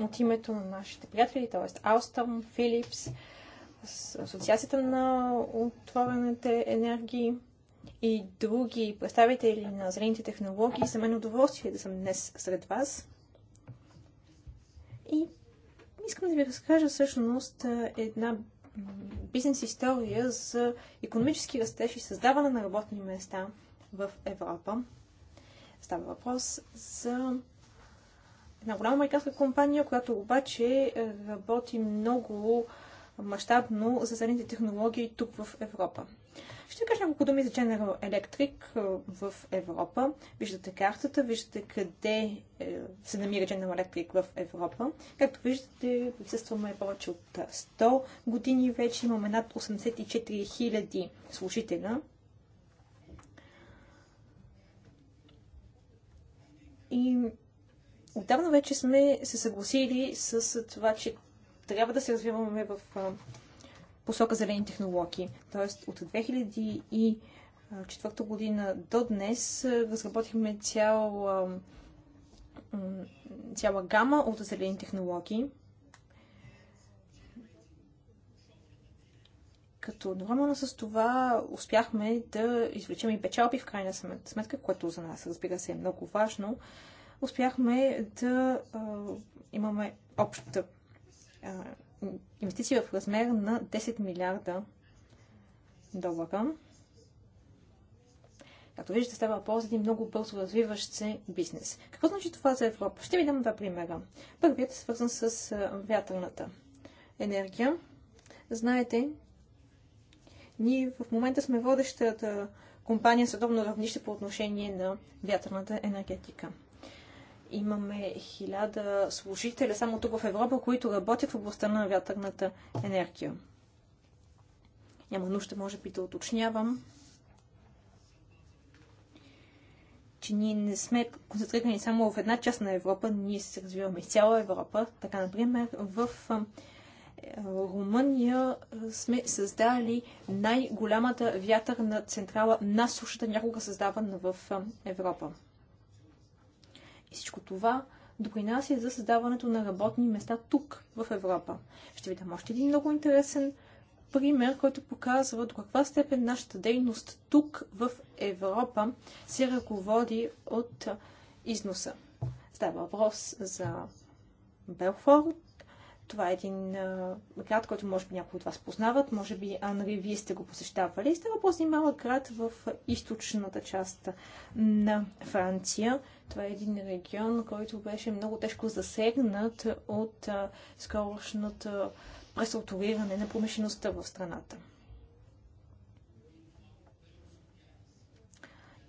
От името на нашите приятели, т.е. Алстъм, Филипс, с Асоциацията на отворените енергии и други представители на зелените технологии. За мен е удоволствие да съм днес сред вас. И искам да ви разкажа всъщност една бизнес история за економически растеж и създаване на работни места в Европа. Става въпрос за една голяма американска компания, която обаче е, работи много мащабно за зелените технологии тук в Европа. Ще кажа няколко думи за General Electric в Европа. Виждате картата, виждате къде е, се намира General Electric в Европа. Както виждате, присъстваме повече от 100 години вече. Имаме над 84 000 служителя. И отдавна вече сме се съгласили с това, че трябва да се развиваме в посока зелени технологии. Тоест от 2004 година до днес разработихме цяла гама от зелени технологии. Като нормално с това успяхме да извлечем и печалби в крайна сметка, което за нас, разбира се, е много важно. Успяхме да а, имаме обща инвестиции в размер на 10 милиарда долара. Като виждате, става въпрос за един много бързо развиващ се бизнес. Какво значи това за Европа? Ще ви дам два примера. Първият е свързан с вятърната енергия. Знаете, ние в момента сме водещата компания световно равнище по отношение на вятърната енергетика. Имаме хиляда служители само тук в Европа, които работят в областта на вятърната енергия. Няма нужда, може би, да уточнявам, че ние не сме концентрирани само в една част на Европа, ние се развиваме из цяла Европа. Така, например, в Румъния сме създали най-голямата вятърна централа на сушата, някога създавана в Европа. И всичко това допринася за създаването на работни места тук, в Европа. Ще ви дам още един много интересен пример, който показва до каква степен нашата дейност тук, в Европа, се ръководи от износа. Става въпрос за Белфорд, това е един а, град, който може би някои от вас познават. Може би, Анри, вие сте го посещавали. Става въпрос за малък град в източната част на Франция. Това е един регион, който беше много тежко засегнат от а, скорошната преструктуриране на промишлеността в страната.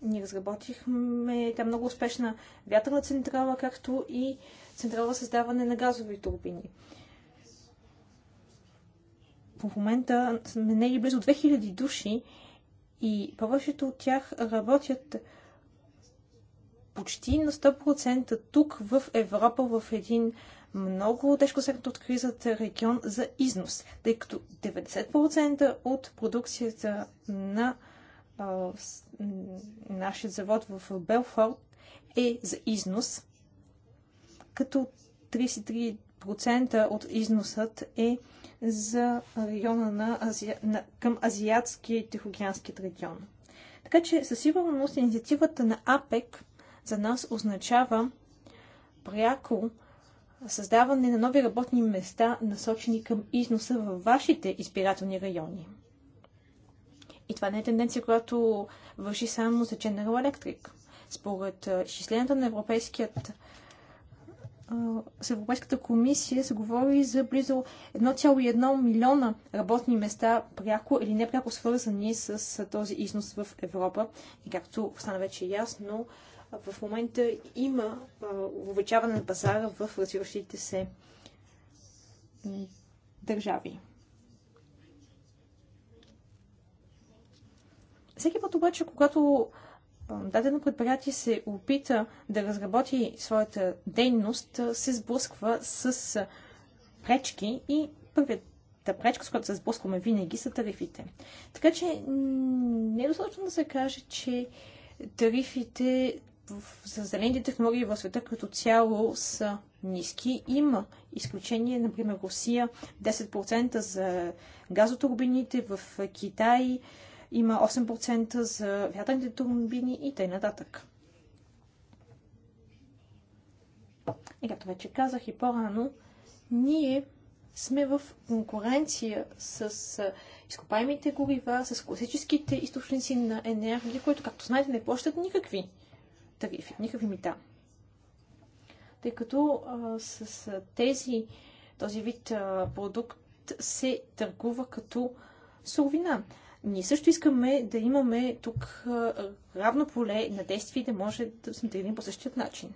Ние разработихме там много успешна вятърна централа, както и централа създаване на газови турбини в момента сме сменели близо 2000 души и повечето от тях работят почти на 100% тук в Европа, в един много тежко сектор от кризата регион за износ, тъй като 90% от продукцията на а, нашия завод в Белфорд е за износ, като 33% от износът е за района на, Ази... на... към Азиатския и Тихоокеанският регион. Така че със сигурност инициативата на АПЕК за нас означава пряко създаване на нови работни места, насочени към износа във вашите избирателни райони. И това не е тенденция, която върши само за General Electric. Според изчисленията на Европейският с Европейската комисия се говори за близо 1,1 милиона работни места, пряко или непряко свързани с този износ в Европа. И както стана вече ясно, в момента има увеличаване на пазара в развиващите се държави. Всеки път обаче, когато дадено предприятие се опита да разработи своята дейност, се сблъсква с пречки и първият пречка, с която се сблъскваме винаги, са тарифите. Така че не е достатъчно да се каже, че тарифите за зелените технологии в света като цяло са ниски. Има изключение, например Русия 10% за газотурбините в Китай има 8% за вятърните турбини и т.н. И както вече казах и по-рано, ние сме в конкуренция с изкопаемите горива, с класическите източници на енергия, които, както знаете, не плащат никакви тарифи, никакви мита. Тъй като а, с тези, този вид а, продукт се търгува като суровина. Ние също искаме да имаме тук равно поле на действие да може да сме тръгнем по същия начин.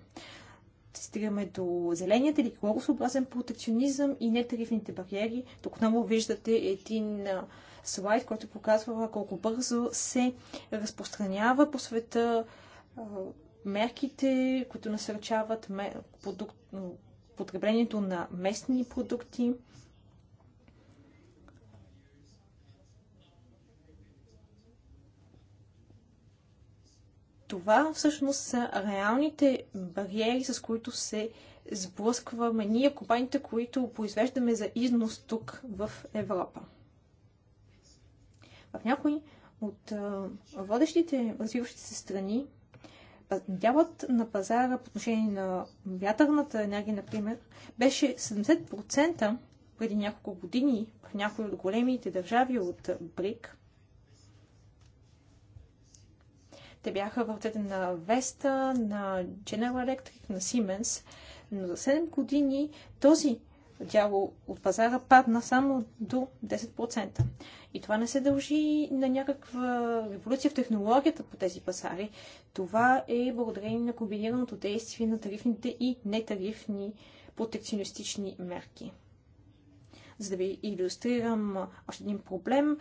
Стигаме до зеленият или екологосъобразен протекционизъм и нетарифните бариери. Тук много виждате един слайд, който показва колко бързо се разпространява по света мерките, които насърчават продукт, потреблението на местни продукти. Това всъщност са реалните бариери, с които се сблъскваме ние, компаниите, които произвеждаме за износ тук в Европа. В някои от а, водещите развиващи се страни дялът на пазара по отношение на вятърната енергия, например, беше 70% преди няколко години в някои от големите държави от БРИК. Те бяха в ръцете на Веста, на General Electric, на Siemens. Но за 7 години този дяло от пазара падна само до 10%. И това не се дължи на някаква революция в технологията по тези пазари. Това е благодарение на комбинираното действие на тарифните и нетарифни протекционистични мерки. За да ви иллюстрирам още един проблем,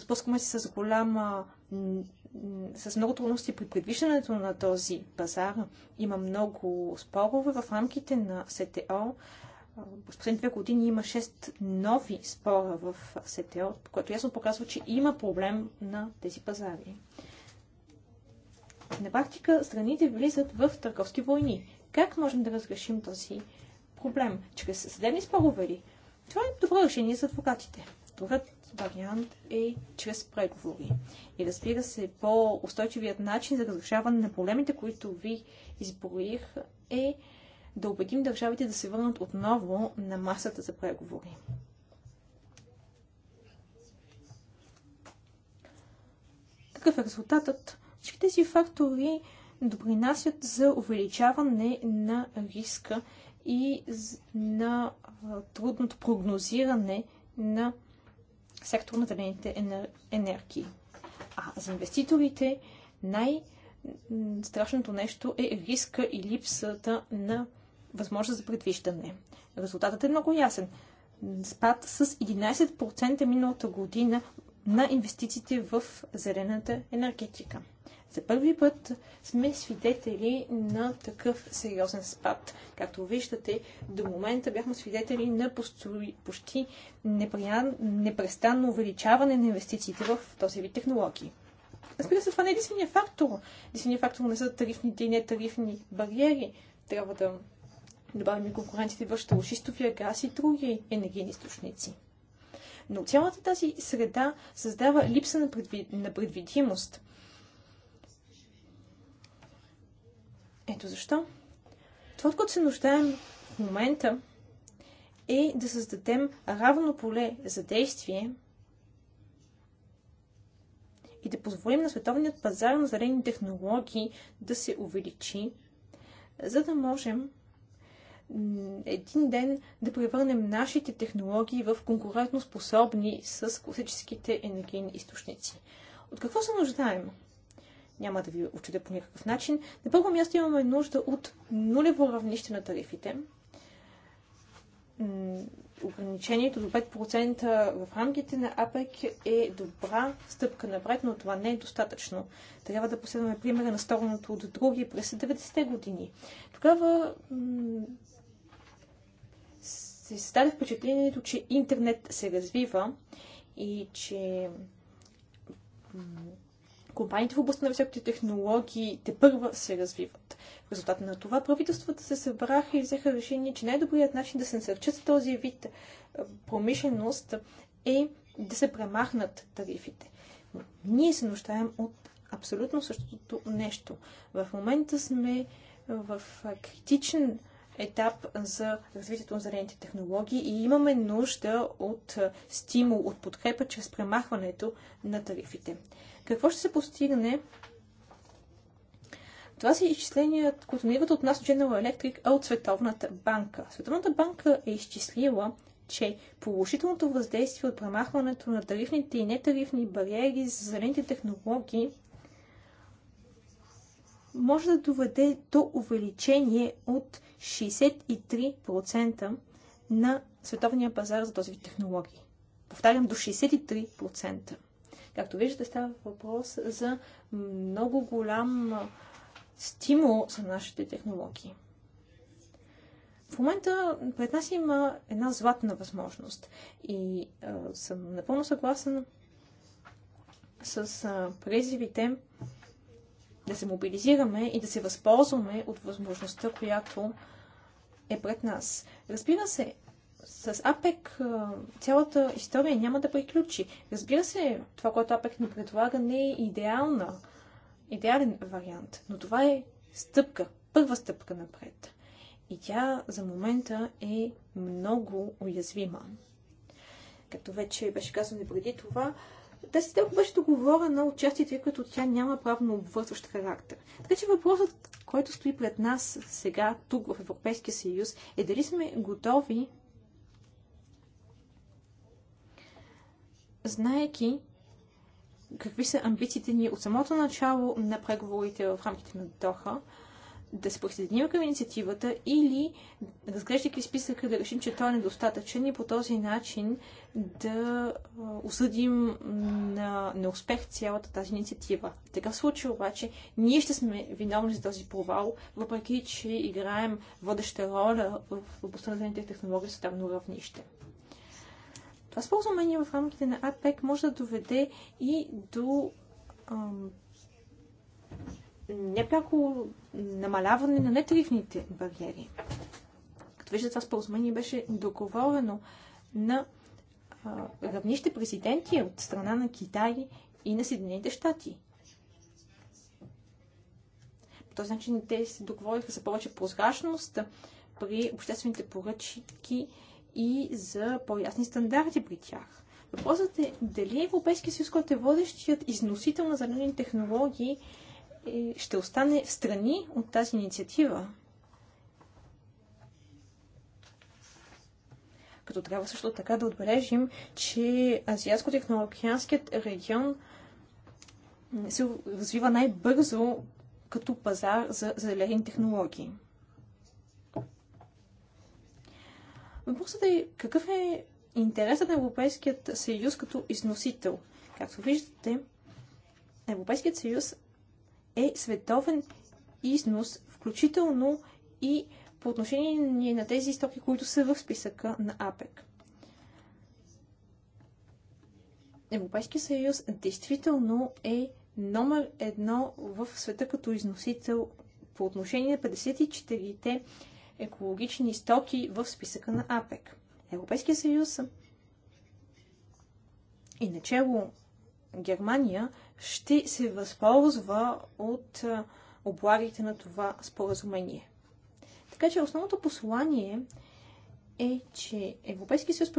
Спускаме се с голяма с много трудности при предвиждането на този пазар. Има много спорове в рамките на СТО. В последните две години има 6 нови спора в СТО, което ясно показва, че има проблем на тези пазари. На практика страните влизат в търговски войни. Как можем да разрешим този проблем? Чрез съдебни спорове ли? Това е добро решение за адвокатите. Другът вариант е чрез преговори. И разбира се, по-устойчивият начин за разрешаване на проблемите, които ви изброих, е да убедим държавите да се върнат отново на масата за преговори. Какъв е резултатът. Всички тези фактори допринасят за увеличаване на риска и на трудното прогнозиране на сектор на зелените енер... енергии. А за инвеститорите най-страшното нещо е риска и липсата на възможност за предвиждане. Резултатът е много ясен. Спад с 11% миналата година на инвестициите в зелената енергетика. За първи път сме свидетели на такъв сериозен спад. Както виждате, до момента бяхме свидетели на почти непрестанно увеличаване на инвестициите в този вид технологии. Разбира се, това не е единствения фактор. Единственият фактор не са тарифните и нетарифни бариери. Трябва да добавим и конкуренцията вършата шистовия газ и други енергийни източници. Но цялата тази среда създава липса на, предвид... на предвидимост. Ето защо. Това, от което се нуждаем в момента, е да създадем равно поле за действие и да позволим на световният пазар на зелени технологии да се увеличи, за да можем един ден да превърнем нашите технологии в конкурентно способни с класическите енергийни източници. От какво се нуждаем? Няма да ви очудя по никакъв начин. На първо място имаме нужда от нулево равнище на тарифите. Ограничението до 5% в рамките на АПЕК е добра стъпка напред, но това не е достатъчно. Трябва да последваме примера на стороното от други през 90-те години. Тогава се създаде впечатлението, че интернет се развива и че Компаниите в областта на високите технологии те първа се развиват. В резултат на това правителствата се събраха и взеха решение, че най-добрият начин да се насърчат този вид промишленост е да се премахнат тарифите. Но ние се нуждаем от абсолютно същото нещо. В момента сме в критичен етап за развитието на зелените технологии и имаме нужда от стимул, от подкрепа чрез премахването на тарифите. Какво ще се постигне? Това са изчисления, които не идват от нас, General Electric, а от Световната банка. Световната банка е изчислила, че положителното въздействие от премахването на тарифните и нетарифни бариери за зелените технологии може да доведе до увеличение от 63% на световния пазар за този вид технологии. Повтарям, до 63%. Както виждате, става въпрос за много голям стимул за нашите технологии. В момента пред нас има една златна възможност и а, съм напълно съгласен с а, призивите да се мобилизираме и да се възползваме от възможността, която е пред нас. Разбира се, с АПЕК цялата история няма да приключи. Разбира се, това, което АПЕК ни предлага, не е идеална, идеален вариант, но това е стъпка, първа стъпка напред. И тя за момента е много уязвима. Като вече беше казано и преди това, си сделка беше договорена от части, тъй като тя няма правно обвързващ характер. Така че въпросът, който стои пред нас сега, тук в Европейския съюз, е дали сме готови, знаеки какви са амбициите ни от самото начало на преговорите в рамките на Доха, да се присъединим към инициативата или, разглеждайки списъка, да решим, че той е недостатъчен и по този начин да осъдим на неуспех цялата тази инициатива. В такъв случай обаче ние ще сме виновни за този провал, въпреки че играем водеща роля в областта технологии съставно равнище. Това споразумение в рамките на АПЕК може да доведе и до непряко намаляване на нетарифните бариери. Като виждате, това споразумение беше договорено на а, равнище президенти от страна на Китай и на Съединените щати. По този начин те се договориха за повече прозрачност при обществените поръчки и за по-ясни стандарти при тях. Въпросът е дали Европейския съюз, който е водещият износител на зелени технологии, ще остане в страни от тази инициатива. Като трябва също така да отбележим, че Азиатско-техноокеанският регион се развива най-бързо като пазар за зелени технологии. Въпросът е какъв е интересът на Европейският съюз като износител. Както виждате, Европейският съюз е световен износ, включително и по отношение на тези стоки, които са в списъка на АПЕК. Европейския съюз действително е номер едно в света като износител по отношение на 54-те екологични стоки в списъка на АПЕК. Европейския съюз и е начало Германия ще се възползва от облагите на това споразумение. Така че основното послание е, че Европейски съюз,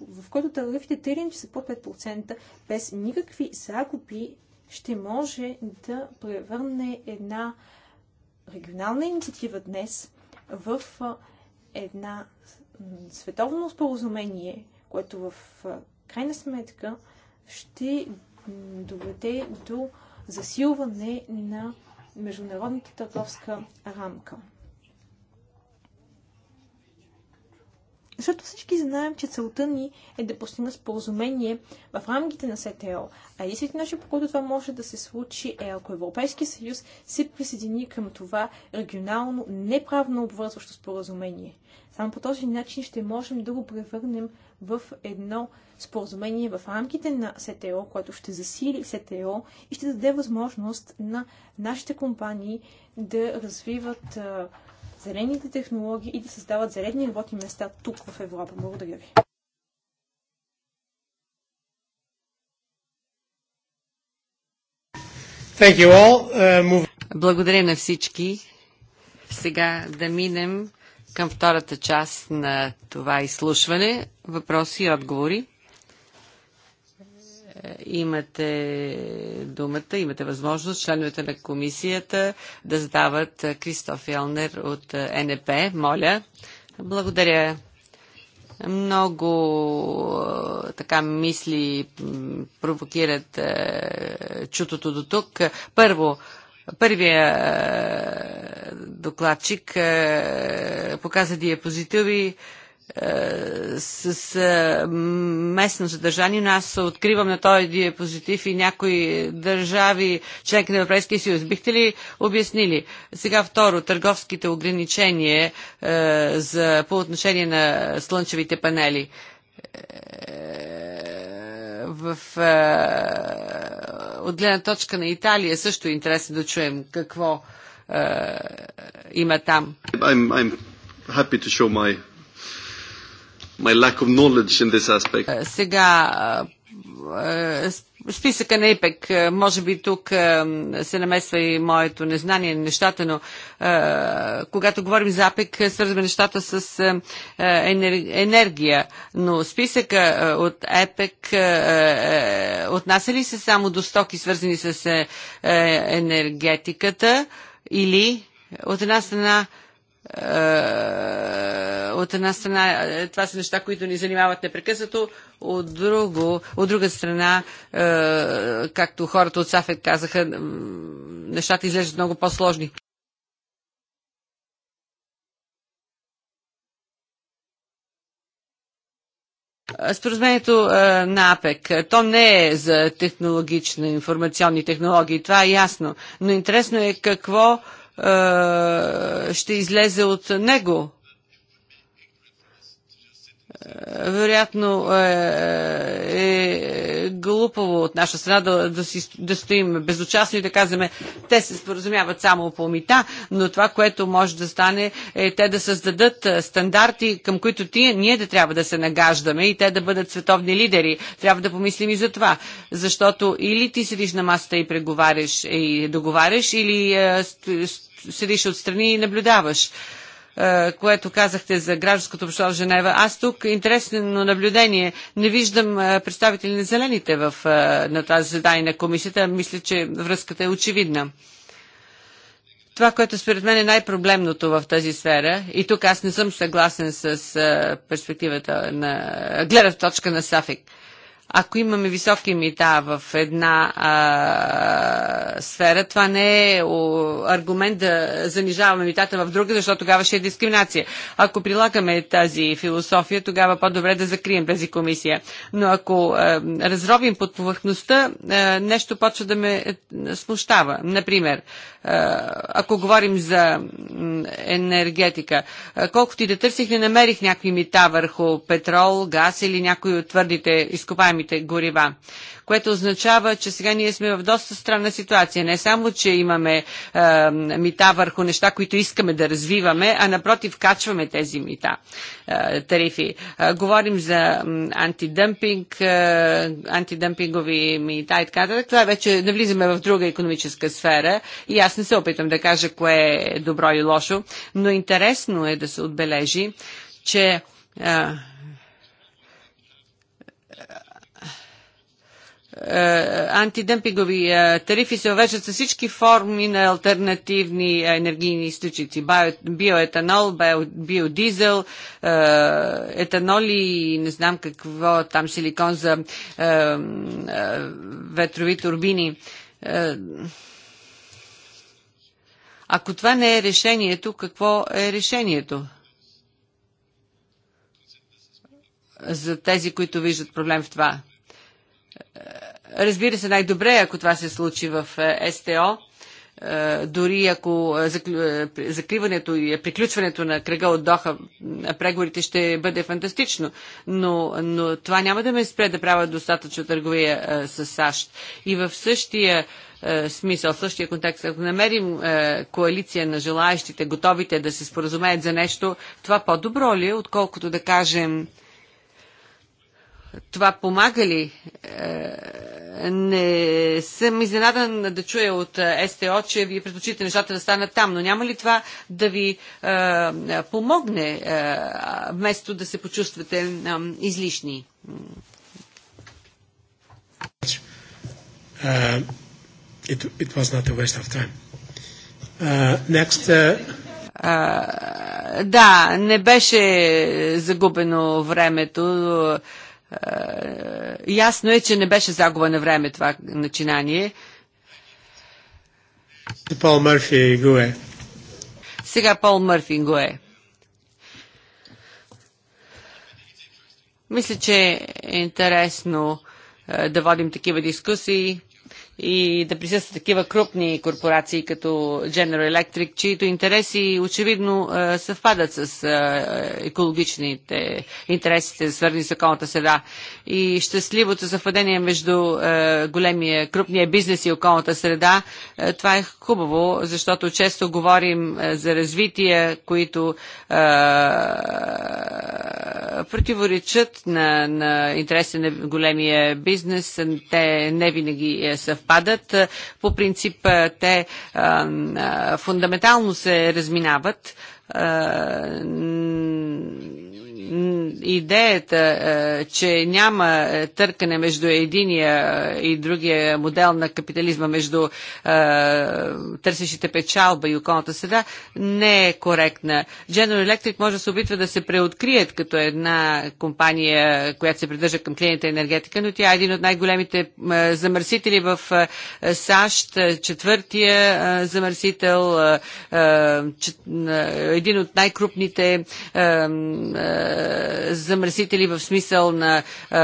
в който тарифите тъй че са под 5%, без никакви загуби, ще може да превърне една регионална инициатива днес в една световно споразумение, което в крайна сметка ще доведе до засилване на международната търговска рамка. Защото всички знаем, че целта ни е да постигна споразумение в рамките на СТО. А единствените начин, по който това може да се случи, е ако Европейския съюз се присъедини към това регионално неправно обвързващо споразумение. Само по този начин ще можем да го превърнем в едно споразумение в рамките на СТО, което ще засили СТО и ще даде възможност на нашите компании да развиват зелените технологии и да създават зелени работни места тук в Европа. Благодаря ви. Uh, Благодаря на всички. Сега да минем към втората част на това изслушване. Въпроси и отговори. Е, имате думата, имате възможност членовете на комисията да задават е, Кристоф Елнер от е, НП. Моля. Благодаря. Много така мисли провокират чутото до тук. Първо, първия докладчик показа диапозитиви с с местно съдържание, но аз откривам на този диапозитив и някои държави, членки на Европейския съюз. Бихте ли обяснили? Сега второ, търговските ограничения е, за, по отношение на слънчевите панели. Е, в, е, от гледна точка на Италия също е интересно да чуем какво е, има там. I'm, I'm happy to show my my lack of knowledge in this aspect. Е, сега е, е, списъка на ЕПЕК, може би тук се намесва и моето незнание на нещата, но когато говорим за АПЕК, свързваме нещата с енергия. Но списъка от ЕПЕК отнася ли се само до стоки, свързани с енергетиката или от една страна е, от една страна е, това са неща, които ни занимават непрекъснато, от, друго, от друга страна, е, както хората от Сафет казаха, нещата излежат много по-сложни. Споразумението на АПЕК, то не е за технологични информационни технологии, това е ясно, но интересно е какво е, ще излезе от него вероятно е, е, е глупаво от наша страна да, да, си, да стоим безучастно и да казваме, те се споразумяват само по мита, но това, което може да стане е те да създадат е, стандарти, към които тие, ние да трябва да се нагаждаме и те да бъдат световни лидери. Трябва да помислим и за това, защото или ти седиш на масата и преговаряш и договаряш, или е, седиш отстрани и наблюдаваш. Е, което казахте за гражданското общество в Женева. Аз тук интересно наблюдение не виждам е, представители на зелените в, е, на тази задание на комисията. Мисля, че връзката е очевидна. Това, което според мен е най-проблемното в тази сфера, и тук аз не съм съгласен с перспективата на гледната точка на Сафик – ако имаме високи мита в една а, сфера, това не е о, аргумент да занижаваме митата в друга, защото тогава ще е дискриминация. Ако прилагаме тази философия, тогава по-добре да закрием тази комисия. Но ако а, разробим под повърхността, а, нещо почва да ме е, смущава. Например, а, ако говорим за енергетика, а, колкото и да търсих, не намерих някакви мита върху петрол, газ или някои от твърдите изкопаеми изкопаемите горива, което означава, че сега ние сме в доста странна ситуация. Не само, че имаме е, мита върху неща, които искаме да развиваме, а напротив качваме тези мита, е, тарифи. Е, говорим за антидъмпинг, е, антидъмпингови мита и така нататък. Това вече навлизаме в друга економическа сфера и аз не се опитам да кажа кое е добро и лошо, но интересно е да се отбележи, че е, Е, антидъмпингови е, тарифи се въвеждат с всички форми на альтернативни е, енергийни източници. Биоетанол, биодизел, етаноли и не знам какво там силикон за ветрови турбини. Ако това не е решението, какво е решението? За тези, които виждат проблем в това. Разбира се, най-добре, е, ако това се случи в е, СТО, е, дори ако закриването и приключването на кръга от Доха, преговорите ще бъде фантастично, но, но това няма да ме спре да правя достатъчно търговия с САЩ. И в същия смисъл, в същия контекст, ако намерим коалиция на желаящите, готовите да се споразумеят за нещо, това по-добро ли е, отколкото да кажем това помага ли? Е, не съм изненадан да чуя от е, СТО, че вие предпочитате нещата да станат там, но няма ли това да ви е, помогне вместо да се почувствате излишни? Uh, it, it was not a waste of time. Uh, next, uh... Uh, да, не беше загубено времето. Uh, е, ясно е, че не беше загуба на време това начинание. Пол Мърфи го е. Сега Пол Мърфи го е. Мисля, че е интересно е, да водим такива дискусии и да присъстват такива крупни корпорации като General Electric, чието интереси очевидно е, съвпадат с е, екологичните интересите, свързани с околната среда. И щастливото съвпадение между е, големия, крупния бизнес и околната среда, това е хубаво, защото често говорим за развития, които противоречат на, на интересите на големия бизнес. Те не винаги съвпадат съвпадат. Е, по принцип е, те е, фундаментално се разминават идеята, е, че няма е, търкане между единия е, и другия модел на капитализма, между търсещите печалба и околната среда, не е коректна. General Electric може да се опитва да се преоткрият като една компания, която се придържа към клиента енергетика, но тя е един от най-големите замърсители в САЩ, четвъртия замърсител, един от най-крупните е, замърсители в смисъл на е,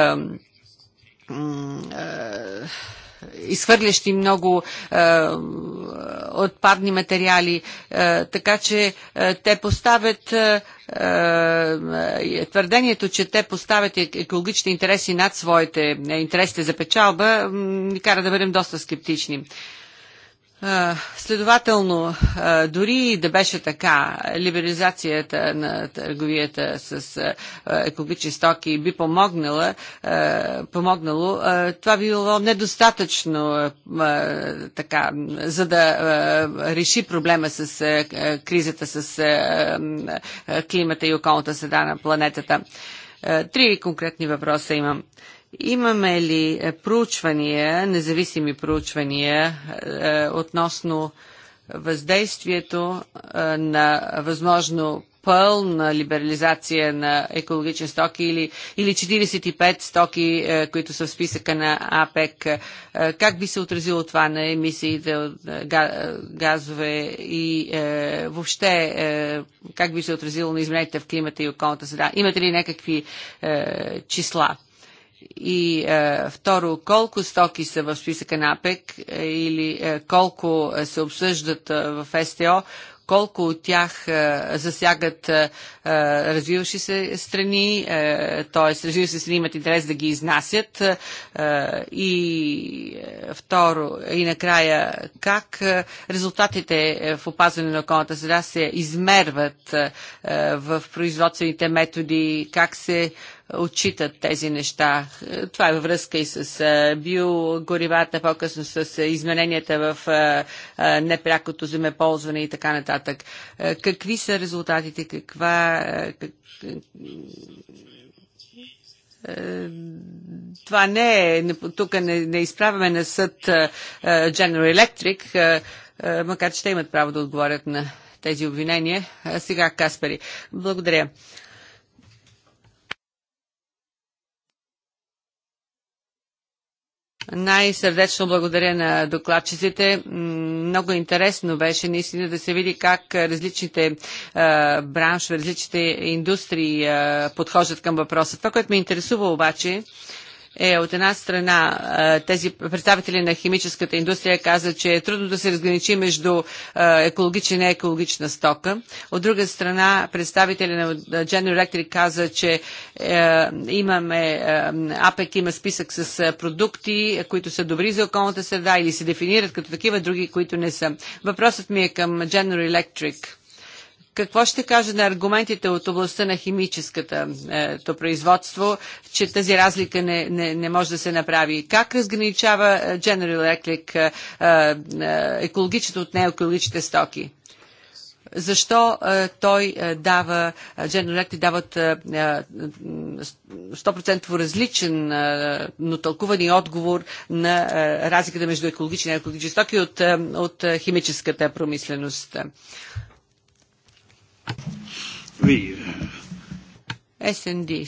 е, изхвърлящи много е, отпадни материали, е, така че е, те поставят е, твърдението, че те поставят екологични интереси над своите интересите за печалба, ни кара да бъдем доста скептични. Следователно, дори да беше така, либерализацията на търговията с екологични стоки би помогнала, помогнало, това би било недостатъчно така, за да реши проблема с кризата с климата и околната седа на планетата. Три конкретни въпроса имам. Имаме ли е, проучвания, независими проучвания е, относно въздействието е, на възможно пълна либерализация на екологични стоки или, или 45 стоки, които са в списъка на АПЕК. Как би се отразило това на емисиите от газове и въобще как би се отразило на измененията в климата и околната среда? Имате ли някакви числа? И а, е, второ, колко стоки са в списъка на АПЕК е, или а, е, колко се обсъждат а, в СТО, колко от тях а, засягат а, развиващи се страни, т.е. развиващи се страни имат интерес да ги изнасят. А, и а, второ, и накрая, как резултатите в опазване на околната среда се измерват а, в производствените методи, как се а, отчитат тези неща. Това е във връзка и с биогоривата, по-късно с измененията в непрякото земеползване и така нататък. Какви са резултатите? Каква... Това не е, тук не, не изправяме на съд General Electric, макар че те имат право да отговорят на тези обвинения. Сега Каспери. Благодаря. Най-сърдечно благодаря на докладчиците. Много интересно беше наистина да се види как различните браншове, различните индустрии подхождат към въпроса. Това, което ме интересува обаче, е от една страна е, тези представители на химическата индустрия казват, че е трудно да се разграничи между е, екологична и неекологична стока. От друга страна представители на General Electric каза, че е, имаме, АПЕК има списък с продукти, които са добри за околната среда или се дефинират като такива, други, които не са. Въпросът ми е към General Electric какво ще каже на аргументите от областта на химическата е, то производство, че тази разлика не, не, не може да се направи? Как разграничава е, General Electric е, екологичните от неекологичните стоки? защо е, той е, дава, General Electric дават е, 100% различен, е, но тълкуван отговор на е, разликата между екологични и екологични стоки от, е, от химическата промисленост. Oui. Е, СНД. Е, е,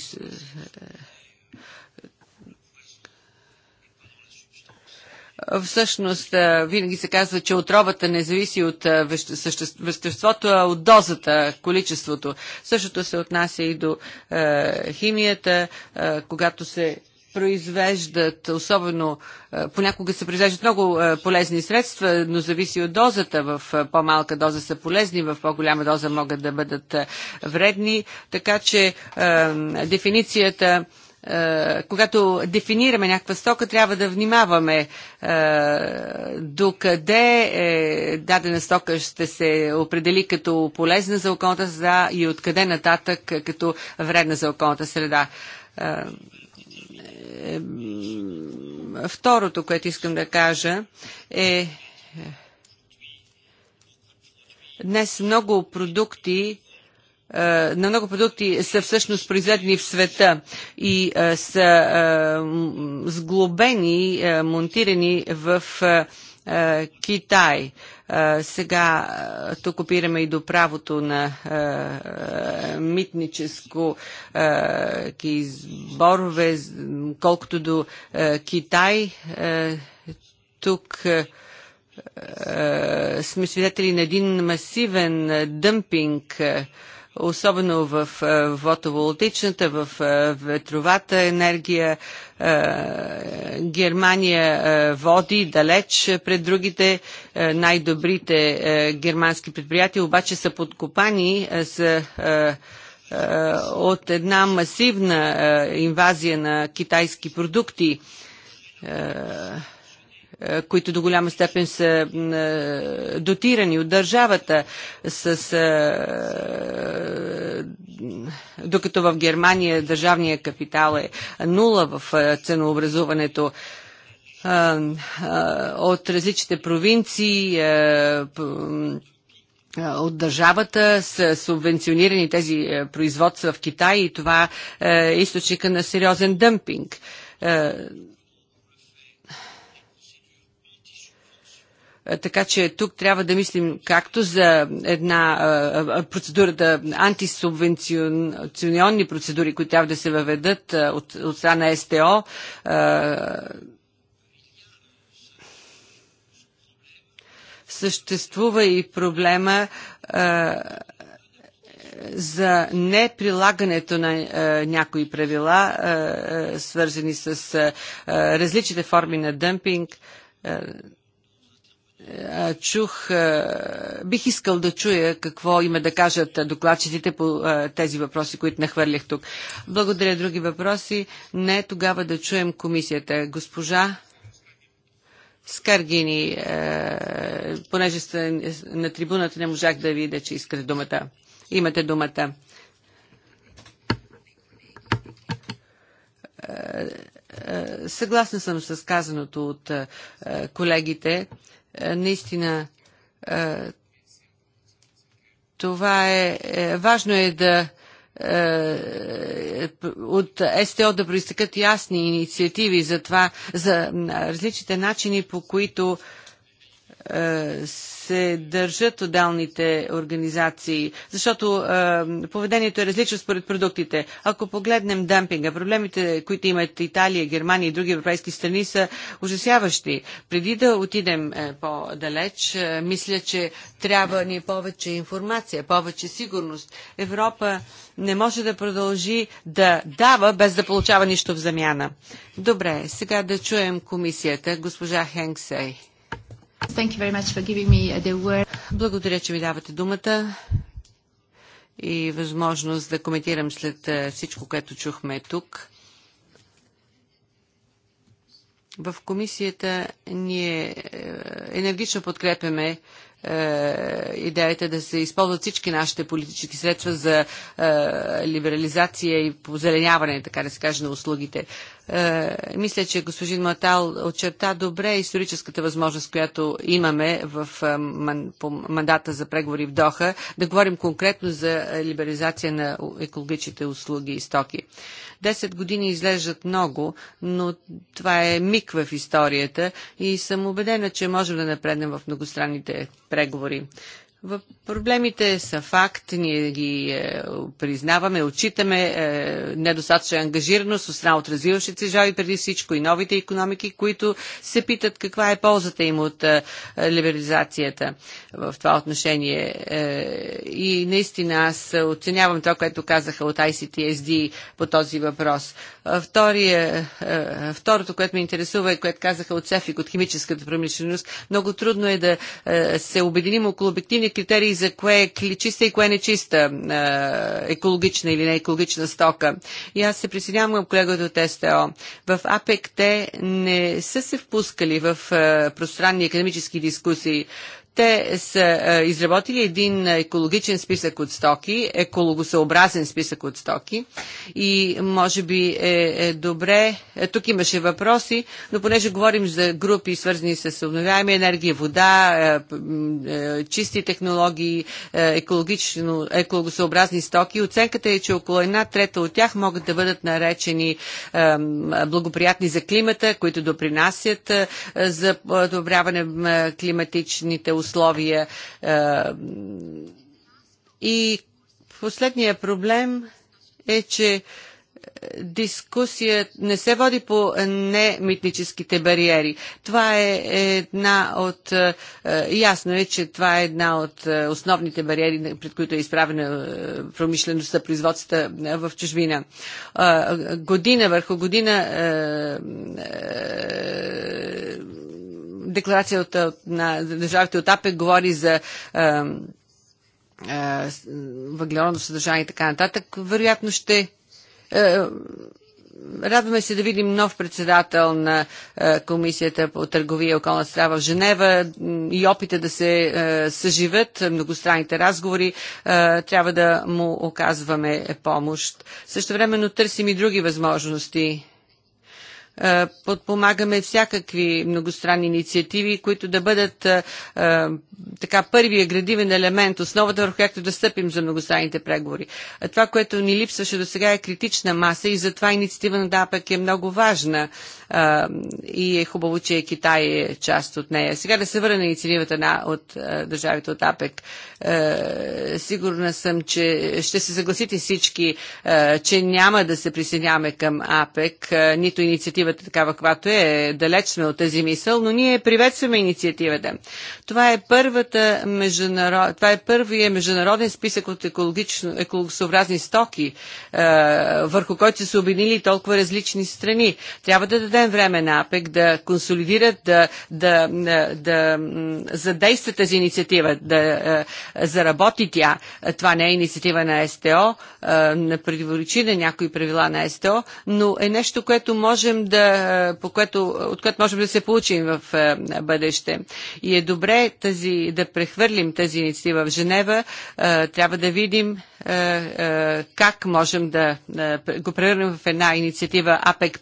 Всъщност, винаги се казва, че отровата не зависи от веществото, а от дозата, количеството. Същото се отнася и до химията, когато се произвеждат, особено е, понякога се произвеждат много е, полезни средства, но зависи от дозата. В е, по-малка доза са полезни, в по-голяма доза могат да бъдат вредни. Така че дефиницията когато дефинираме някаква стока, трябва да внимаваме докъде дадена стока ще се определи като полезна за околната среда и откъде нататък като вредна за околната среда. Е, второто, което искам да кажа е, е днес много продукти е, на много продукти са всъщност произведени в света и са сглобени, монтирани в Китай. Сега тук опираме и до правото на митническо изборове, колкото до Китай. Тук сме свидетели на един масивен дъмпинг особено в е, фотоволтичната, в е, ветровата енергия. Е, Германия води далеч пред другите най-добрите германски предприятия, обаче са подкопани с от една масивна инвазия на китайски продукти е, които до голяма степен са е, дотирани от държавата, с, е, докато в Германия държавния капитал е нула в ценообразуването от различните провинции, от държавата са субвенционирани тези производства в Китай и това е източника на сериозен дъмпинг. Е, така че тук трябва да мислим както за една е, е, процедурата, антисубвенционни процедури, които трябва да се въведат от, от страна СТО, съществува и проблема а, за неприлагането на а, някои правила, а, свързани с различните форми на дъмпинг чух, бих искал да чуя какво има да кажат докладчиците по тези въпроси, които нахвърлях тук. Благодаря. Други въпроси? Не, тогава да чуем комисията. Госпожа Скаргини, понеже сте на трибуната, не можах да видя, че искате думата. Имате думата. Съгласна съм с казаното от колегите. Е, наистина е, това е, е, важно е да от СТО да проистъкат ясни инициативи за това, за различните начини по които се държат отделните организации, защото е, поведението е различно според продуктите. Ако погледнем дампинга, проблемите, които имат Италия, Германия и други европейски страни са ужасяващи. Преди да отидем по-далеч, мисля, че трябва ни повече информация, повече сигурност. Европа не може да продължи да дава без да получава нищо в замяна. Добре, сега да чуем комисията, госпожа Хенксей. Uh, Благодаря, че ми давате думата и възможност да коментирам след е, всичко, което чухме тук. В комисията ние е, енергично подкрепяме е, идеята да се използват всички нашите политически средства за е, либерализация и позеленяване, така да се каже, на услугите. Е, мисля, че господин Матал очерта добре историческата възможност, която имаме в мандата за преговори в Доха, да говорим конкретно за либерализация на екологичните услуги и стоки. 10 години излежат много, но това е миг в историята и съм убедена, че можем да напреднем в многостранните преговори. Проблемите са факт, ние ги е, признаваме, отчитаме е, недостатъчна ангажираност от страна от развиващите държави, преди всичко и новите економики, които се питат каква е ползата им от е, либерализацията в това отношение. Е, и наистина аз оценявам това, което казаха от ICTSD по този въпрос. Втория, е, е, второто, което ме интересува е, което казаха от СЕФИК, от химическата промишленост. Много трудно е да се обединим около обективни критерии за кое е чиста и кое е нечиста екологична или не екологична стока. И аз се присъединявам към колегата от СТО. В АПЕК те не са се впускали в пространни економически дискусии. Те са е, изработили един екологичен списък от стоки, екологосъобразен списък от стоки и може би е, е добре, е, тук имаше въпроси, но понеже говорим за групи свързани с обновяеми енергия, вода, чисти технологии, екологично, екологосъобразни стоки, оценката е, че около една трета от тях могат да бъдат наречени благоприятни за климата, които допринасят за подобряване на климатичните условия. Е, и последният проблем е, че е, дискусия не се води по немитническите бариери. Това е една от... Е, ясно е, че това е една от основните бариери, пред които е изправена промишлеността, производствата в чужбина. Година върху година Декларацията на държавите от АПЕК говори за въглеродно съдържание и така нататък. Вероятно ще Радваме се да видим нов председател на Комисията по търговия и околна среда в Женева и опита да се съживят многостранните разговори. Трябва да му оказваме помощ. Също времено търсим и други възможности е, подпомагаме всякакви многостранни инициативи, които да бъдат е, е, така първия градивен елемент, основата върху която да стъпим за многостранните преговори. Това, което ни липсваше до сега е критична маса и затова инициатива на ДАПАК е много важна и е хубаво, че Китай е част от нея. Сега да се върна на инициативата на, от държавите от АПЕК. Е, сигурна съм, че ще се съгласите всички, е, че няма да се присъединяваме към АПЕК, е, нито инициативата такава, каквато е. Далеч сме от тази мисъл, но ние приветстваме инициативата. Това е, първата международ... Това е първия международен списък от екологично... екологосъобразни стоки, върху който се обединили толкова различни страни. Трябва да дадем време на АПЕК да консолидират, да, да, да, да задейства тази инициатива, да заработи тя. Това не е инициатива на СТО, не противоречи на някои правила на СТО, но е нещо, което можем да, по което, от което можем да се получим в бъдеще. И е добре тази, да прехвърлим тази инициатива в Женева. Трябва да видим как можем да го превърнем в една инициатива АПЕК+.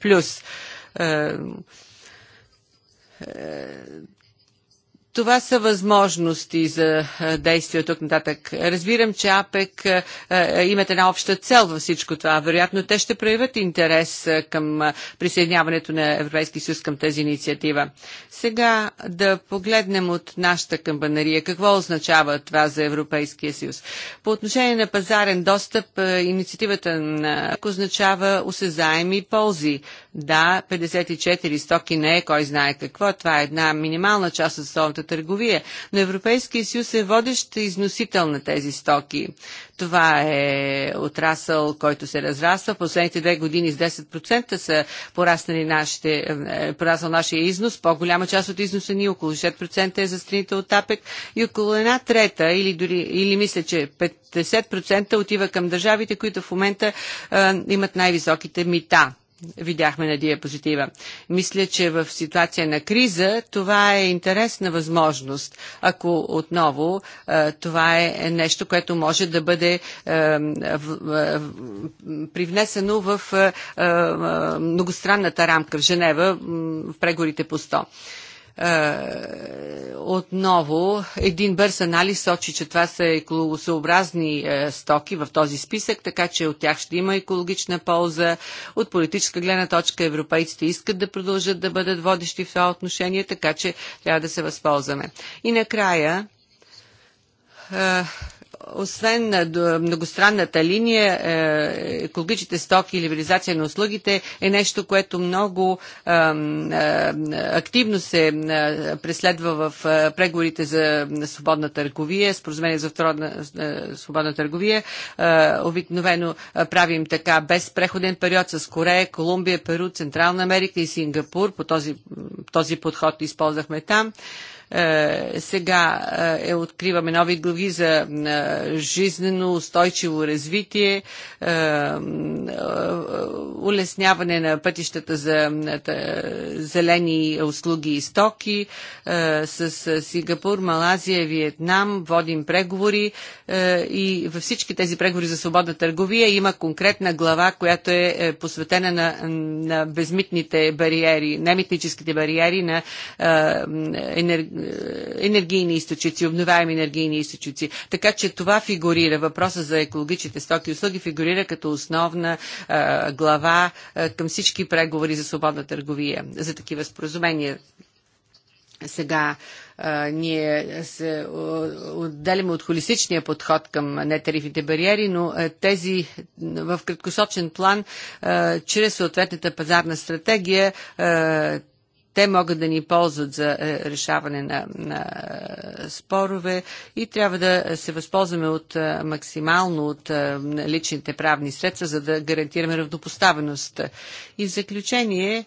Това са възможности за действие тук нататък. Разбирам, че АПЕК имат една обща цел във всичко това. Вероятно те ще проявят интерес към присъединяването на Европейски съюз към тази инициатива. Сега да погледнем от нашата камбанария. Какво означава това за Европейския съюз? По отношение на пазарен достъп, инициативата на означава осезаеми ползи да, 54 стоки не е кой знае какво. Това е една минимална част от столната търговия. Но Европейския съюз е водещ износител на тези стоки. Това е отрасъл, който се разраства. Последните две години с 10% са пораснали нашите, е, пораснал нашия износ. По-голяма част от износа ни, около 6% е за страните от АПЕК и около една трета, или, дори, или мисля, че 50% отива към държавите, които в момента а, е, имат най-високите мита видяхме на диапозитива. Мисля, че в ситуация на криза това е интересна възможност, ако отново е, това е нещо, което може да бъде е, е, привнесено в многостранната рамка в Женева в преговорите по 100. Е, отново един бърз анализ сочи, че това са екологосъобразни е, стоки в този списък, така че от тях ще има екологична полза. От политическа гледна точка европейците искат да продължат да бъдат водещи в това отношение, така че трябва да се възползваме. И накрая е, освен на многостранната линия, е, екологичните стоки и либерализация на услугите е нещо, което много е, активно се е, преследва в преговорите за свободна търговия, споразумение за свободна търговия. Обикновено правим така без преходен период с Корея, Колумбия, Перу, Централна Америка и Сингапур. По този, този подход използвахме там. Е, сега е, откриваме нови глави за е, жизнено устойчиво развитие, е, улесняване на пътищата за зелени услуги и стоки с Сингапур, Малазия, Виетнам. Водим преговори и във всички тези преговори за свободна търговия има конкретна глава, която е посветена на, на безмитните бариери, немитническите бариери на енергия. Е, енергийни източници, обновяеми енергийни източници. Така че това фигурира, въпроса за екологичните стоки и услуги фигурира като основна глава към всички преговори за свободна търговия, за такива споразумения. Сега а, ние се отделяме от холистичния подход към нетарифните бариери, но а, тези в краткосочен план, а, чрез съответната пазарна стратегия, а, те могат да ни ползват за е, решаване на, на е, спорове и трябва да се възползваме от е, максимално от личните правни средства, за да гарантираме равнопоставеност. И в заключение,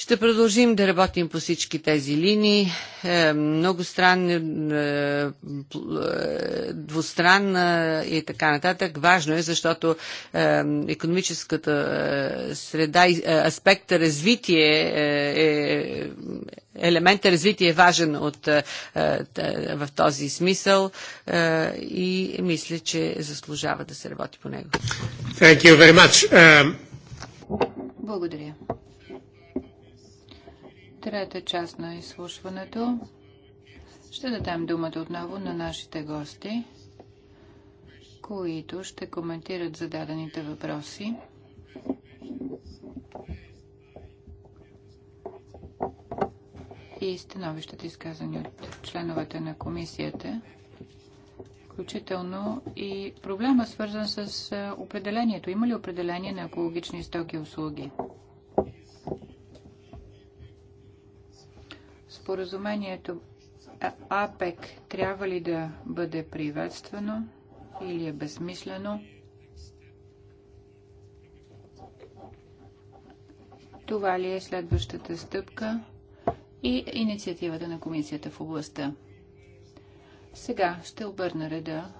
ще продължим да работим по всички тези линии. Е, много странни, е, е, двустранна и така нататък. Важно е, защото економическата среда, аспекта развитие е елемента развитие е важен от, в този смисъл и мисля, че заслужава да се работи по него. Благодаря трета част на изслушването ще дадем думата отново на нашите гости, които ще коментират зададените въпроси. и становищата изказани от членовете на комисията, включително и проблема свързан с определението. Има ли определение на екологични стоки и услуги? Споразумението АПЕК трябва ли да бъде приветствано или е безмислено? Това ли е следващата стъпка и инициативата на комисията в областта? Сега ще обърна реда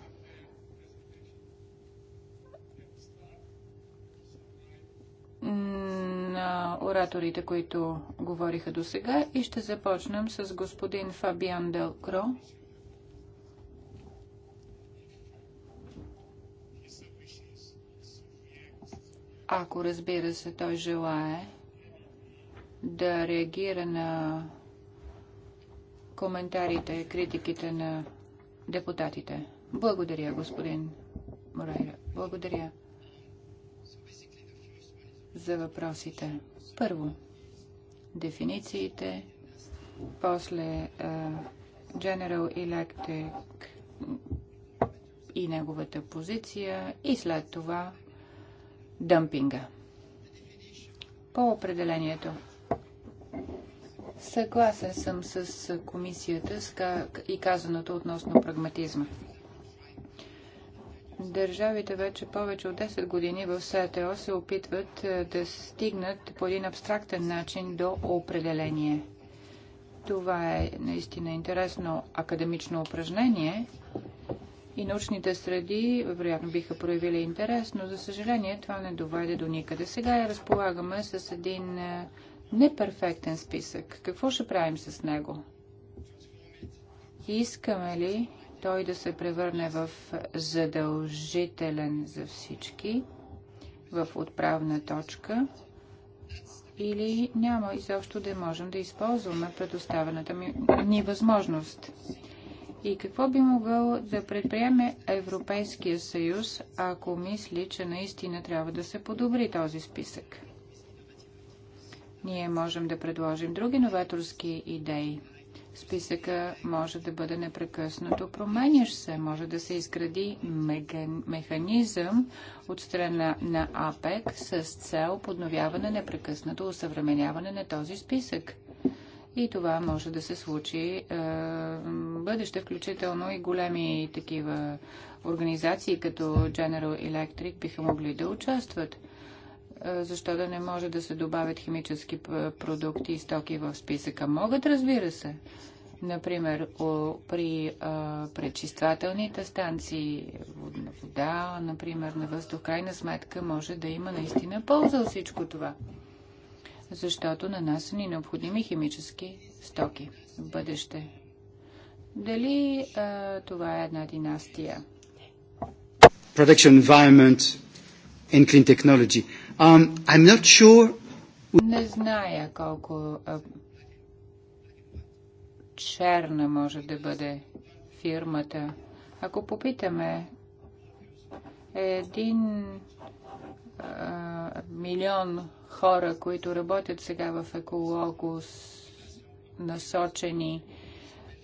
на ораторите, които говориха до сега и ще започнем с господин Фабиан Делкро. Ако разбира се, той желае да реагира на коментарите, критиките на депутатите. Благодаря, господин Морайра. Благодаря за въпросите. Първо, дефинициите, после uh, General Electric и неговата позиция и след това дъмпинга. По определението. Съгласен съм с комисията и казаното относно прагматизма. Държавите вече повече от 10 години в СТО се опитват е, да стигнат по един абстрактен начин до определение. Това е наистина интересно академично упражнение и научните среди вероятно биха проявили интерес, но за съжаление това не доведе до никъде. Сега я разполагаме с един е, неперфектен списък. Какво ще правим с него? Искаме ли той да се превърне в задължителен за всички, в отправна точка, или няма изобщо да можем да използваме предоставената ни възможност. И какво би могъл да предприеме Европейския съюз, ако мисли, че наистина трябва да се подобри този списък? Ние можем да предложим други новаторски идеи. Списъка може да бъде непрекъснато променящ се. Може да се изгради механизъм от страна на АПЕК с цел подновяване непрекъснато усъвременяване на този списък. И това може да се случи е, бъдеще, включително и големи такива организации като General Electric биха могли да участват. Е, защо да не може да се добавят химически продукти и стоки в списъка? Могат, разбира се. Например, при пречиствателните станции, вода, например, на въздух, крайна сметка може да има наистина полза от всичко това. Защото на нас са ни необходими химически стоки в бъдеще. Дали а, това е една династия? Production environment и clean technology. Um, I'm not sure. Не зная колко черна може да бъде фирмата. Ако попитаме един а, милион хора, които работят сега в еколого насочени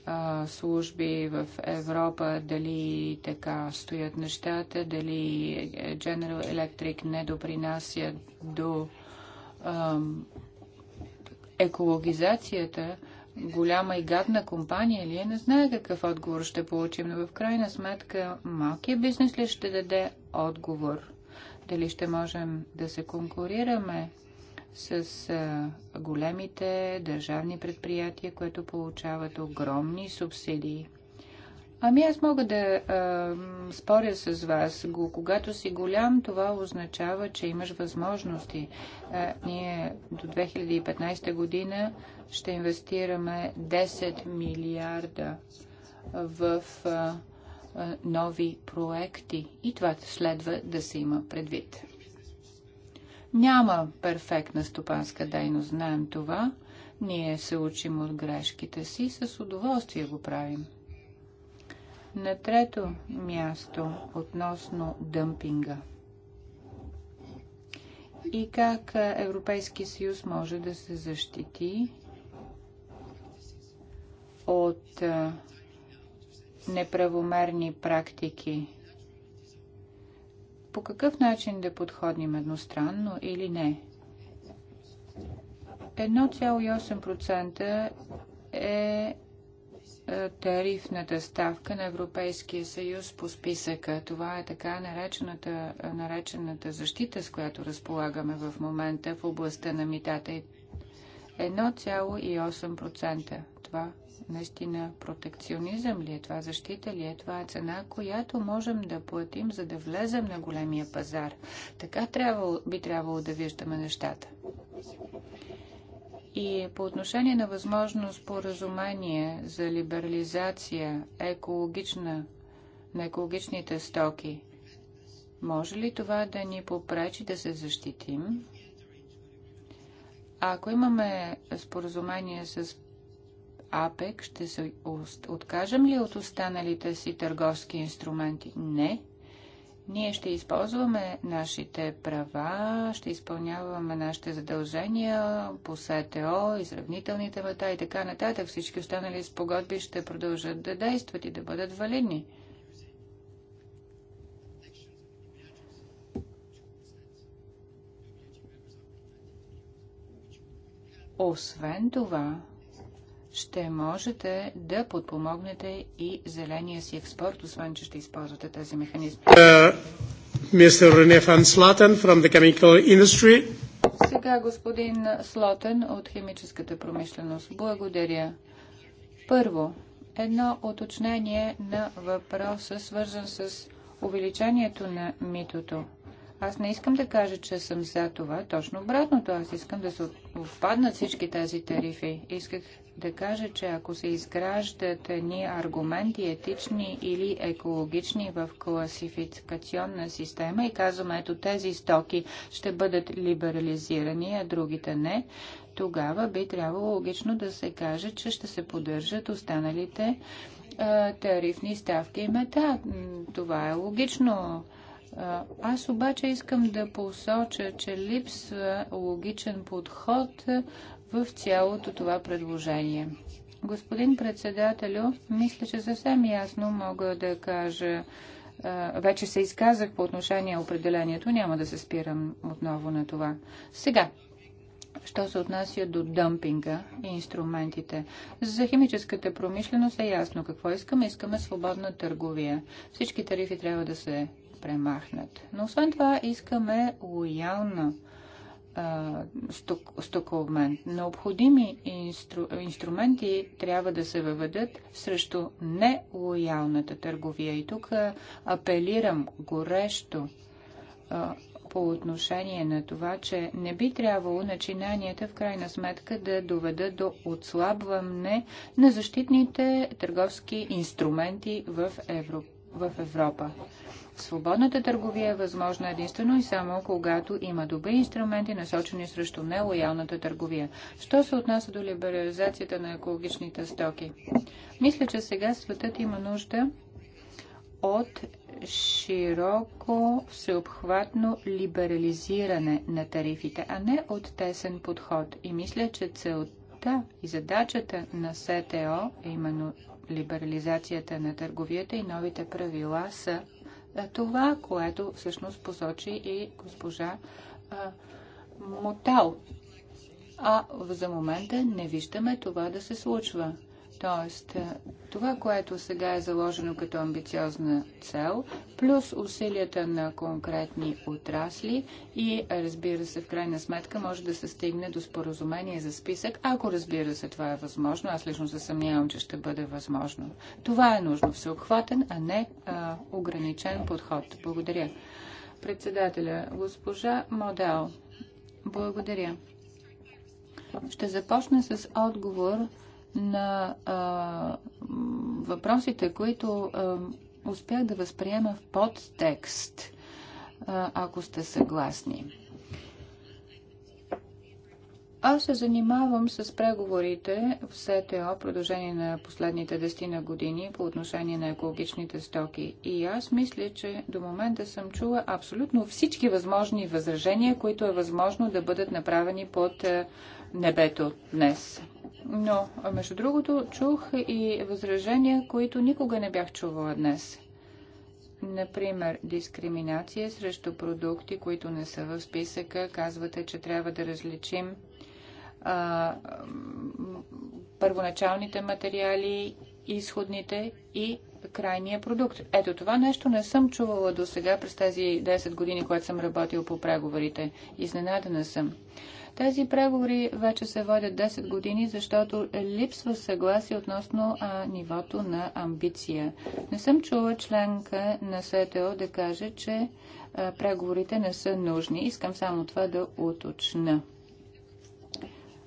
а, служби в Европа, дали така стоят нещата, дали General Electric не допринася до екологизацията, голяма и гадна компания ли е, не знае какъв отговор ще получим, но в крайна сметка малкият бизнес ли ще даде отговор? Дали ще можем да се конкурираме с големите държавни предприятия, които получават огромни субсидии. Ами аз мога да а, споря с вас. Когато си голям, това означава, че имаш възможности. А, ние до 2015 година ще инвестираме 10 милиарда в а, а, нови проекти. И това следва да се има предвид. Няма перфектна стопанска дейност, знаем това. Ние се учим от грешките си, и с удоволствие го правим. На трето място относно дъмпинга и как Европейски съюз може да се защити от неправомерни практики по какъв начин да подходим едностранно или не. 1,8% е, е тарифната ставка на Европейския съюз по списъка. Това е така наречената, наречената защита, с която разполагаме в момента в областта на митата. 1,8%. Е, Това наистина протекционизъм ли е това, защита ли е това, е цена, която можем да платим, за да влезем на големия пазар. Така трябва, би трябвало да виждаме нещата. И по отношение на възможно споразумение за либерализация екологична, на екологичните стоки, може ли това да ни попречи да се защитим? А ако имаме споразумение с АПЕК ще се откажем ли от останалите си търговски инструменти? Не. Ние ще използваме нашите права, ще изпълняваме нашите задължения по СТО, изравнителните врата и така нататък. Всички останали спогодби ще продължат да действат и да бъдат валидни. Освен това, ще можете да подпомогнете и зеления си експорт, освен че ще използвате тези механизми. Е, uh, René Сега господин Слотен от химическата промишленост. Благодаря. Първо, едно уточнение на въпроса, свързан с увеличението на митото. Аз не искам да кажа, че съм за това. Точно обратното. Аз искам да се отпаднат всички тези тарифи. Исках да кажа, че ако се изграждат ни аргументи етични или екологични в класификационна система и казваме, ето тези стоки ще бъдат либерализирани, а другите не, тогава би трябвало логично да се каже, че ще се поддържат останалите а, тарифни ставки и мета. Това е логично. Аз обаче искам да посоча, че липсва логичен подход в цялото това предложение. Господин председателю, мисля, че съвсем ясно мога да кажа, вече се изказах по отношение определението, няма да се спирам отново на това. Сега, що се отнася до дъмпинга и инструментите. За химическата промишленост е ясно какво искаме. Искаме свободна търговия. Всички тарифи трябва да се премахнат. Но освен това искаме лоялна а, Сток, Стоколмен. Необходими инстру, инструменти трябва да се въведат срещу нелоялната търговия. И тук апелирам горещо по отношение на това, че не би трябвало начинанията в крайна сметка да доведат до отслабване на защитните търговски инструменти в Европа в Европа. Свободната търговия е възможна единствено и само когато има добри инструменти, насочени срещу нелоялната търговия. Що се отнася до либерализацията на екологичните стоки? Мисля, че сега светът има нужда от широко всеобхватно либерализиране на тарифите, а не от тесен подход. И мисля, че целта и задачата на СТО е именно либерализацията на търговията и новите правила са е, това, което всъщност посочи и госпожа Мотал. А за момента не виждаме това да се случва. Тоест, е, това, което сега е заложено като амбициозна цел, плюс усилията на конкретни отрасли и, разбира се, в крайна сметка може да се стигне до споразумение за списък, ако, разбира се, това е възможно. Аз лично се съмнявам, че ще бъде възможно. Това е нужно всеобхватен, а не а, ограничен подход. Благодаря. Председателя, госпожа Модел. Благодаря. Ще започна с отговор на а, въпросите, които а, успях да възприема в подтекст, а, ако сте съгласни. Аз се занимавам с преговорите в СТО продължение на последните 10 на години по отношение на екологичните стоки. И аз мисля, че до момента съм чула абсолютно всички възможни възражения, които е възможно да бъдат направени под небето днес. Но, между другото, чух и възражения, които никога не бях чувала днес. Например, дискриминация срещу продукти, които не са в списъка. Казвате, че трябва да различим а, първоначалните материали, изходните и крайния продукт. Ето това нещо не съм чувала до сега през тези 10 години, когато съм работил по преговорите. Изненадана съм. Тези преговори вече се водят 10 години, защото липсва съгласие относно а, нивото на амбиция. Не съм чула членка на СТО да каже, че а, преговорите не са нужни. Искам само това да уточна.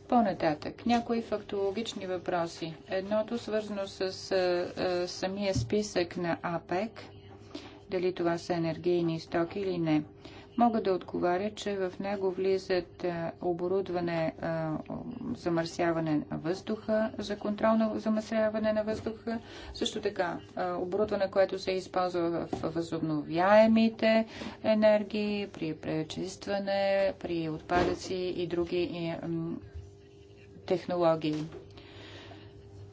По-нататък, някои фактологични въпроси. Едното свързано с а, а, самия списък на АПЕК, дали това са енергийни стоки или не. Мога да отговаря, че в него влизат е, оборудване е, замърсяване на въздуха, за контрол на замърсяване на въздуха, също така е, оборудване, което се използва в възобновяемите енергии, при пречистване, при отпадъци и други технологии.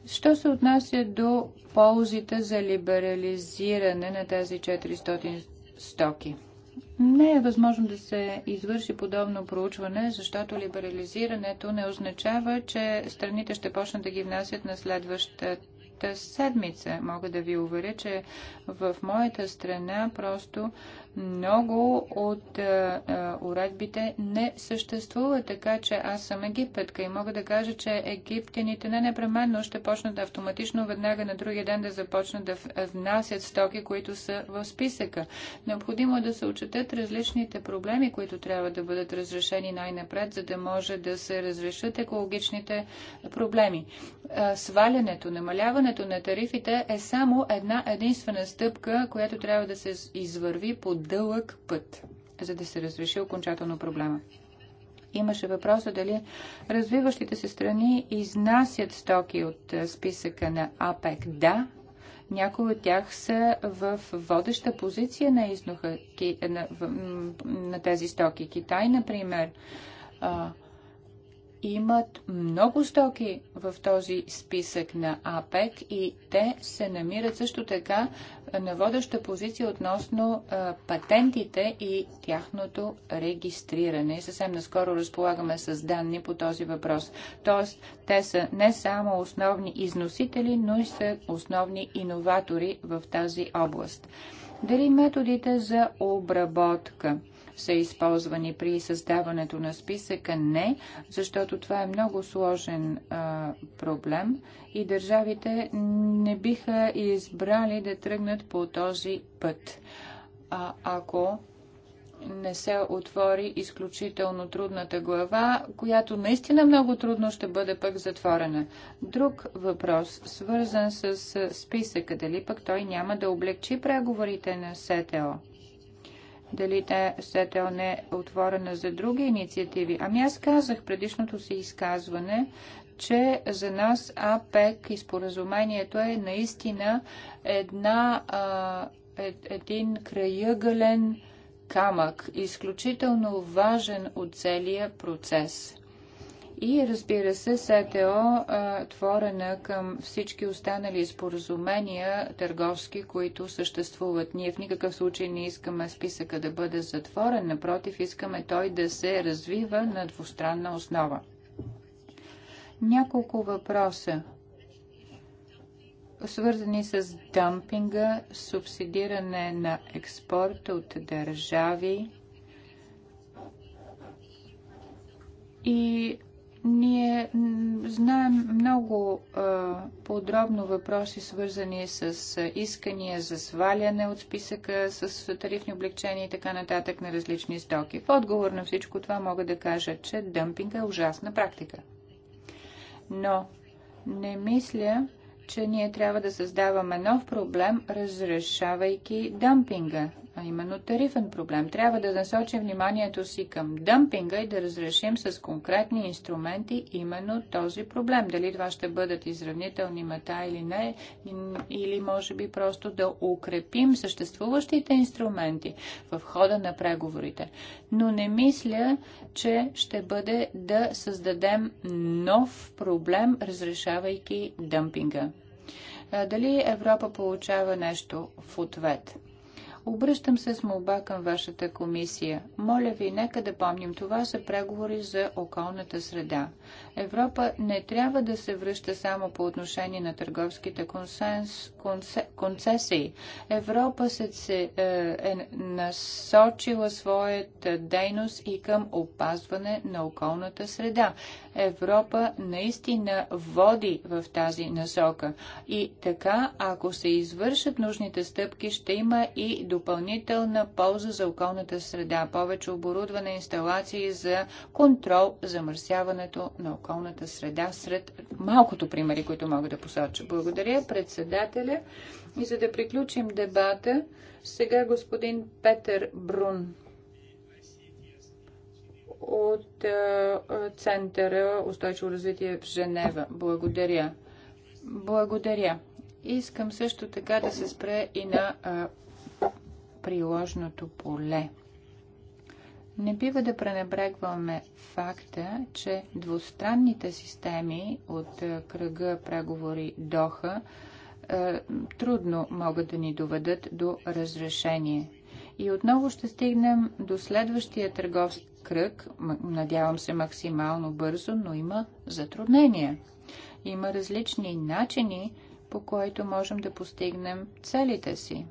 Що се отнася до ползите за либерализиране на тези 400 стоки? Не е възможно да се извърши подобно проучване, защото либерализирането не означава, че страните ще почнат да ги внасят на следващата седмица. Мога да ви уверя, че в моята страна просто много от а, е, а, е, уредбите не съществуват, така че аз съм египетка и мога да кажа, че египтяните не непременно ще почнат автоматично веднага на другия ден да започнат да е, внасят стоки, които са в списъка. Необходимо е да се учетат различните проблеми, които трябва да бъдат разрешени най-напред, за да може да се разрешат екологичните проблеми. А, свалянето, намаляването на тарифите е само една единствена стъпка, която трябва да се извърви под дълъг път, за да се разреши окончателно проблема. Имаше въпроса дали развиващите се страни изнасят стоки от списъка на АПЕК. Да, някои от тях са в водеща позиция на изноха на, на, на тези стоки. Китай, например, имат много стоки в този списък на АПЕК и те се намират също така на водеща позиция относно патентите и тяхното регистриране. Съвсем наскоро разполагаме с данни по този въпрос. Тоест, те са не само основни износители, но и са основни иноватори в тази област. Дали методите за обработка? са използвани при създаването на списъка? Не, защото това е много сложен а, проблем и държавите не биха избрали да тръгнат по този път. А ако не се отвори изключително трудната глава, която наистина много трудно ще бъде пък затворена. Друг въпрос, свързан с списъка, дали пък той няма да облегчи преговорите на СТО? дали те не е отворена за други инициативи. Ами аз казах предишното си изказване, че за нас АПЕК и споразумението е наистина една, а, е, един краягълен камък, изключително важен от целия процес и разбира се СТО е творена към всички останали споразумения търговски, които съществуват. Ние в никакъв случай не искаме списъка да бъде затворен, напротив искаме той да се развива на двустранна основа. Няколко въпроса свързани с дампинга, субсидиране на експорт от държави и ние знаем много а, подробно въпроси, свързани с искания за сваляне от списъка, с тарифни облегчения и така нататък на различни стоки. В отговор на всичко това мога да кажа, че дъмпинг е ужасна практика. Но не мисля, че ние трябва да създаваме нов проблем, разрешавайки дъмпинга а именно тарифен проблем. Трябва да насочим вниманието си към дъмпинга и да разрешим с конкретни инструменти именно този проблем. Дали това ще бъдат изравнителни мета или не, или може би просто да укрепим съществуващите инструменти в хода на преговорите. Но не мисля, че ще бъде да създадем нов проблем, разрешавайки дъмпинга дали Европа получава нещо в ответ. Обръщам се с молба към вашата комисия. Моля ви, нека да помним това за преговори за околната среда. Европа не трябва да се връща само по отношение на търговските консенс, консе, концесии. Европа се, се е, е насочила своята дейност и към опазване на околната среда. Европа наистина води в тази насока. И така, ако се извършат нужните стъпки, ще има и допълнителна полза за околната среда, повече оборудване, инсталации за контрол замърсяването на околната околната среда сред малкото примери, които мога да посоча. Благодаря председателя. И за да приключим дебата, сега господин Петър Брун от е, е, Центъра устойчиво развитие в Женева. Благодаря. Благодаря. Искам също така да се спре и на а, е, приложното поле. Не бива да пренебрегваме факта, че двустранните системи от е, кръга преговори Доха е, трудно могат да ни доведат до разрешение. И отново ще стигнем до следващия търговски кръг, надявам се максимално бързо, но има затруднения. Има различни начини, по които можем да постигнем целите си.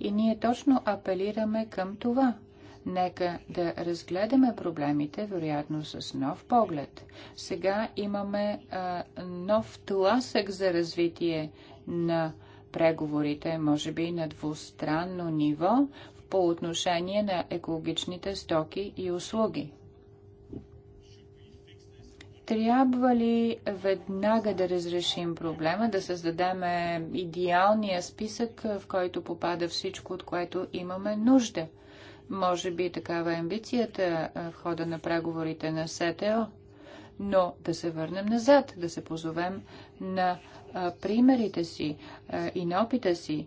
И ние точно апелираме към това – Нека да разгледаме проблемите, вероятно, с нов поглед. Сега имаме а, нов тласък за развитие на преговорите, може би на двустранно ниво, по отношение на екологичните стоки и услуги. Трябва ли веднага да разрешим проблема, да създадем е, идеалния списък, в който попада всичко, от което имаме нужда – може би такава е амбицията в хода на преговорите на СТО, но да се върнем назад, да се позовем на примерите си и на опита си.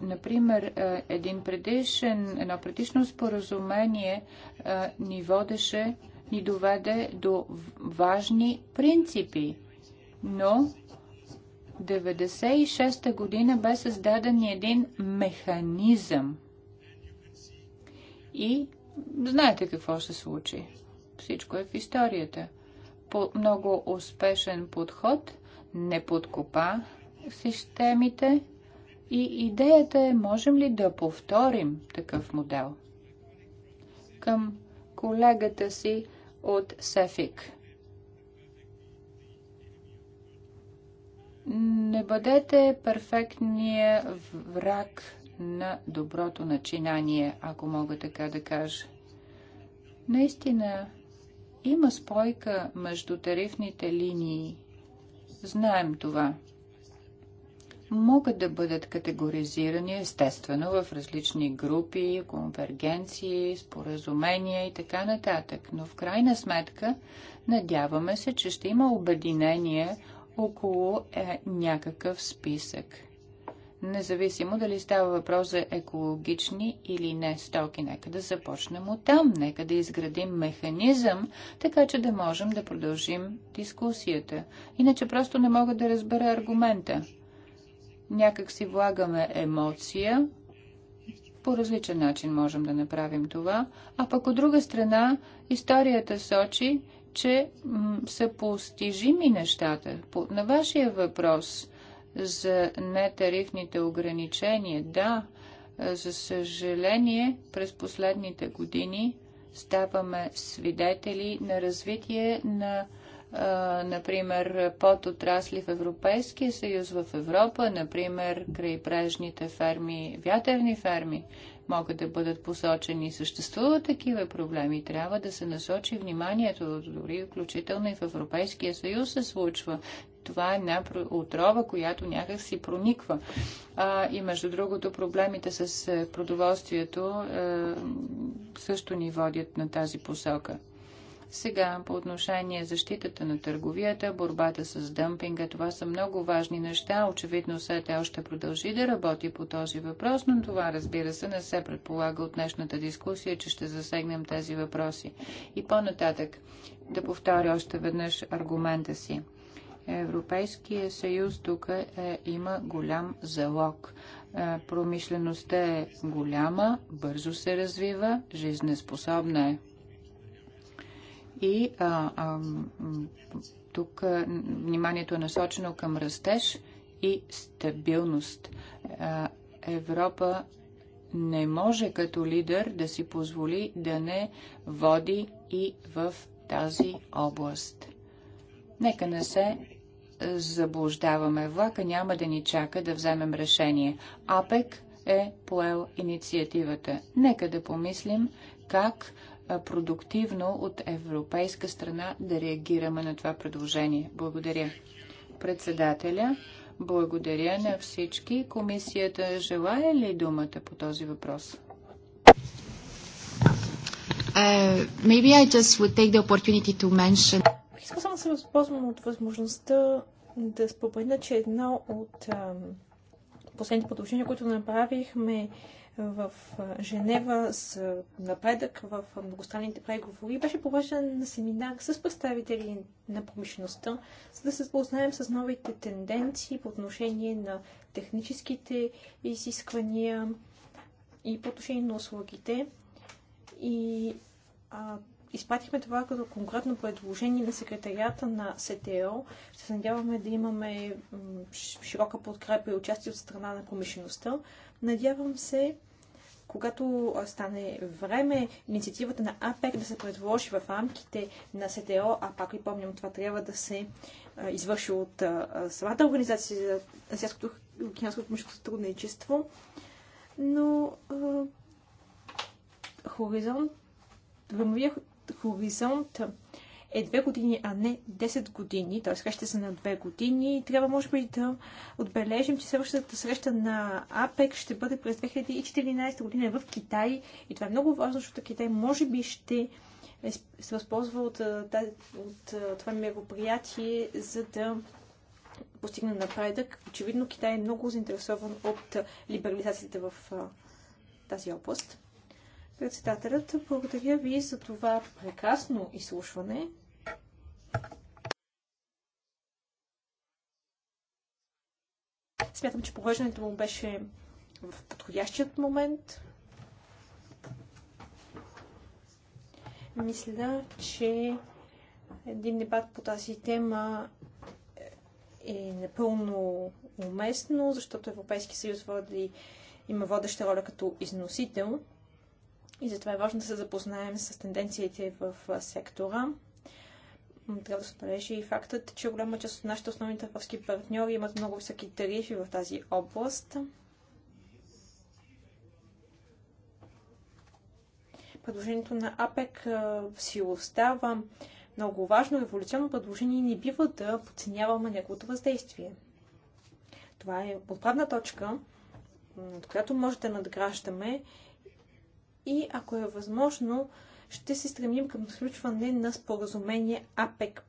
Например, един предишен, едно предишно споразумение ни водеше, ни доведе до важни принципи, но 96-та година бе създаден един механизъм – и знаете какво ще случи. Всичко е в историята. По много успешен подход не подкопа системите и идеята е можем ли да повторим такъв модел. Към колегата си от Сефик. Не бъдете перфектния враг на доброто начинание, ако мога така да кажа. Наистина, има спойка между тарифните линии. Знаем това. Могат да бъдат категоризирани, естествено, в различни групи, конвергенции, споразумения и така нататък. Но в крайна сметка, надяваме се, че ще има обединение около е, някакъв списък – независимо дали става въпрос за екологични или не стоки. Нека да започнем от там, нека да изградим механизъм, така че да можем да продължим дискусията. Иначе просто не мога да разбера аргумента. Някак си влагаме емоция, по различен начин можем да направим това, а пък от друга страна историята сочи, че са постижими нещата. По, на вашия въпрос за нетарифните ограничения. Да, за съжаление, през последните години ставаме свидетели на развитие на, например, под отрасли в Европейския съюз, в Европа, например, крайбрежните ферми, вятърни ферми могат да бъдат посочени. Съществуват такива проблеми. Трябва да се насочи вниманието, дори включително и в Европейския съюз се случва това е една отрова, която някак си прониква. А, и между другото, проблемите с е, продоволствието а, е, също ни водят на тази посока. Сега, по отношение защитата на търговията, борбата с дъмпинга, това са много важни неща. Очевидно СЕТА още продължи да работи по този въпрос, но това, разбира се, не се предполага от днешната дискусия, че ще засегнем тези въпроси. И по-нататък да повторя още веднъж аргумента си. Европейския съюз тук е, е, има голям залог. Е, промишлеността е голяма, бързо се развива, жизнеспособна е. И а, а, тук е, вниманието е насочено към растеж и стабилност. А, е, Европа не може като лидер да си позволи да не води и в тази област. Нека не се заблуждаваме. Влака няма да ни чака да вземем решение. АПЕК е поел инициативата. Нека да помислим как продуктивно от европейска страна да реагираме на това предложение. Благодаря. Председателя, благодаря на всички. Комисията желая ли думата по този въпрос? Uh, maybe I just would take the opportunity to mention Искам само да се възползвам от възможността да спомена, че едно от последните продължения, които направихме в Женева с напредък в многостранните преговори, беше провеждан на семинар с представители на промишлеността, за да се спознаем с новите тенденции по отношение на техническите изисквания и по отношение на услугите. И а, изпратихме това като конкретно предложение на секретарията на СТО. Ще се надяваме да имаме широка подкрепа и участие от страна на промишлеността. Надявам се, когато стане време инициативата на АПЕК да се предложи в рамките на СТО, а пак помням, това трябва да се извърши от самата организация за Азиатското океанското мъжко сътрудничество, но Хоризонт Времовия хоризонт е 2 години, а не 10 години, т.е. среща се на 2 години, трябва може би да отбележим, че следващата среща на АПЕК ще бъде през 2014 година в Китай. И това е много важно, защото Китай може би ще е се възползва от, от, от това мероприятие, за да постигне напредък. Очевидно Китай е много заинтересован от либерализацията в тази област. Председателят, благодаря ви за това прекрасно изслушване. Смятам, че провеждането му беше в подходящият момент. Мисля, че един дебат по тази тема е напълно уместно, защото Европейски съюз води, има водеща роля като износител. И затова е важно да се запознаем с тенденциите в сектора. Трябва да се отбележи и фактът, че голяма част от нашите основни търговски партньори имат много високи тарифи в тази област. Предложението на АПЕК си остава много важно революционно предложение не бива да подценяваме неговото въздействие. Това е отправна точка, от която може да надграждаме и ако е възможно, ще се стремим към сключване на споразумение АПЕК+,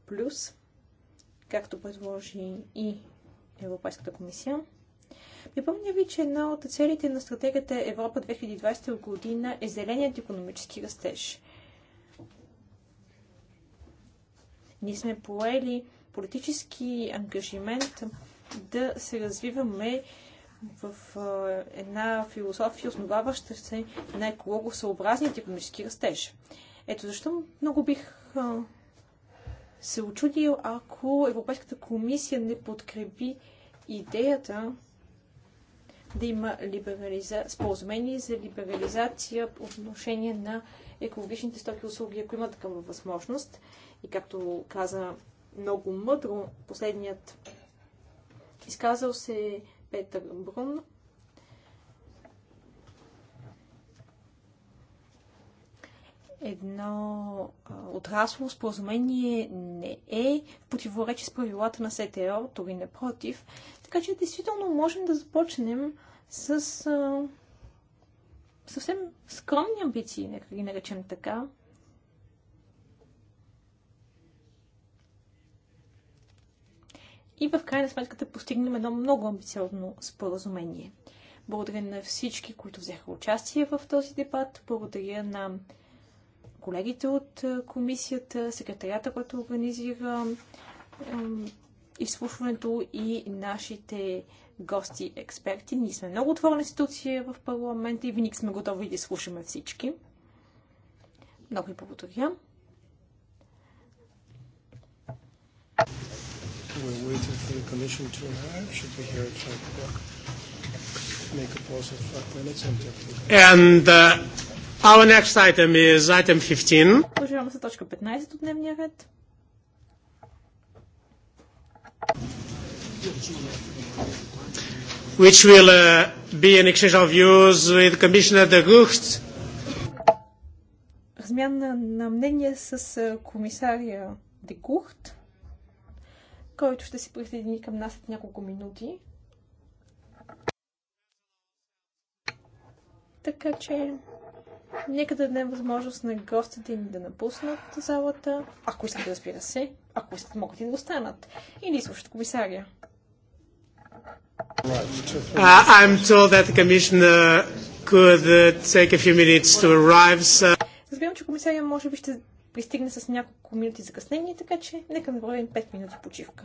както предложи и Европейската комисия. Припомня ви, че една от целите на стратегията Европа 2020 година е зеленият економически растеж. Ние сме поели политически ангажимент да се развиваме в една философия, основаваща се на екологосъобразният економически растеж. Ето защо много бих се очудил, ако Европейската комисия не подкрепи идеята да има либерализа... споразумение за либерализация по отношение на екологичните стоки и услуги, ако има такава възможност. И както каза много мъдро последният изказал се Петър Брун. едно отрасло споразумение не е в противоречие с правилата на СТО, дори напротив. Така че, действително, можем да започнем с а, съвсем скромни амбиции, нека ги наречем така. и в крайна сметка да постигнем едно много амбициозно споразумение. Благодаря на всички, които взеха участие в този дебат. Благодаря на колегите от е, комисията, секретарията, която организира изслушването и нашите гости експерти. Ние сме много отворена институция в парламента и винаги сме готови да слушаме всички. Много ви благодаря. We're waiting for the commission to arrive. Should be here at 5 o'clock. Make a pause of five minutes and... And uh, our next item is item 15. Продължаваме с точка 15 от дневния ред. Which will uh, be an exchange of views with Commissioner de Gucht. Размяна на мнение с комисария Дегухт който ще се присъедини към нас след няколко минути. Така че, нека да дадем възможност на гостите ни да напуснат залата, ако искат, разбира се, ако искат, могат и да останат. Или слушат комисария. Uh, I'm told that the commissioner could uh, take a few minutes to arrive, so... Разбирам, че комисария може би ще пристигне с няколко минути закъснение, така че нека направим 5 минути почивка.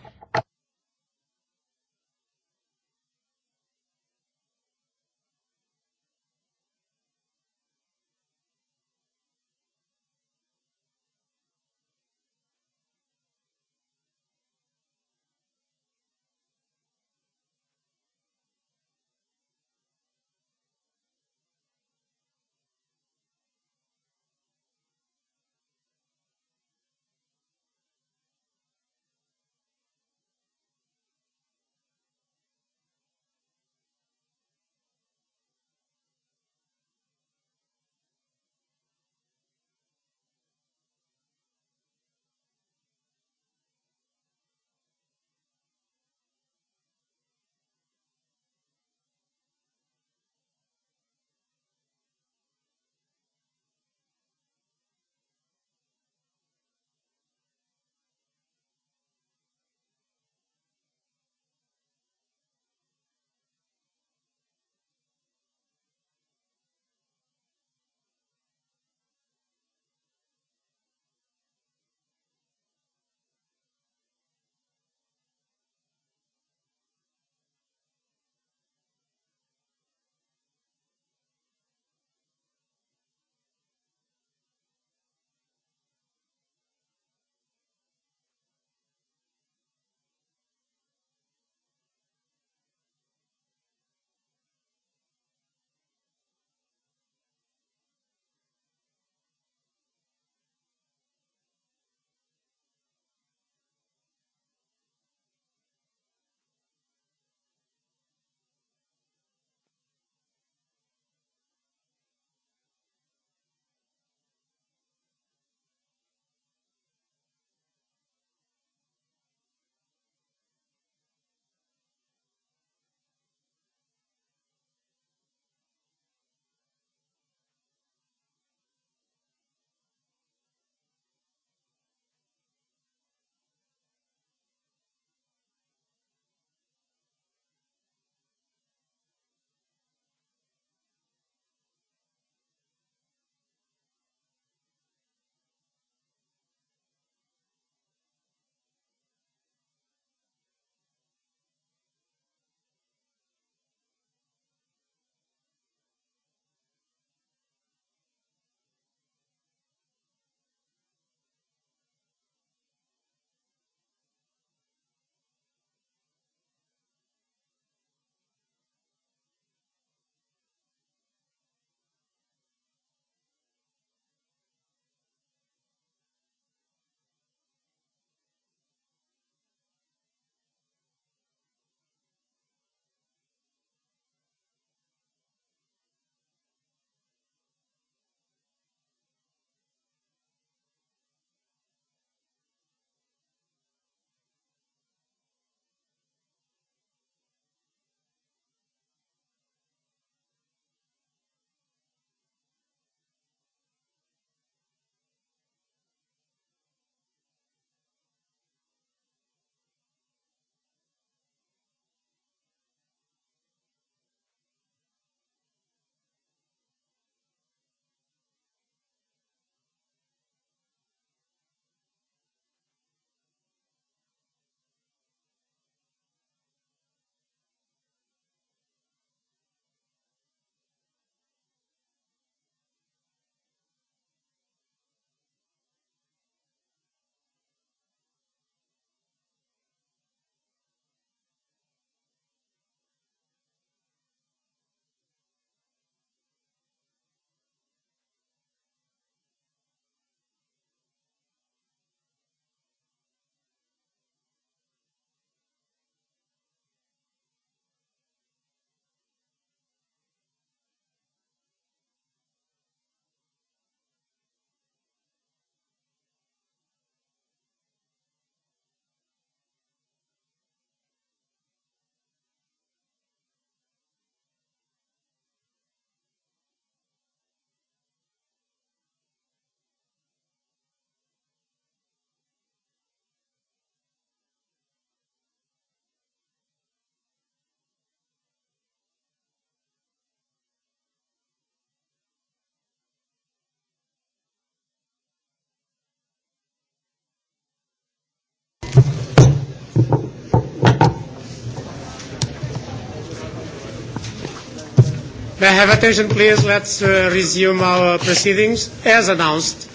May I have attention, please? Let's uh, resume our proceedings as announced.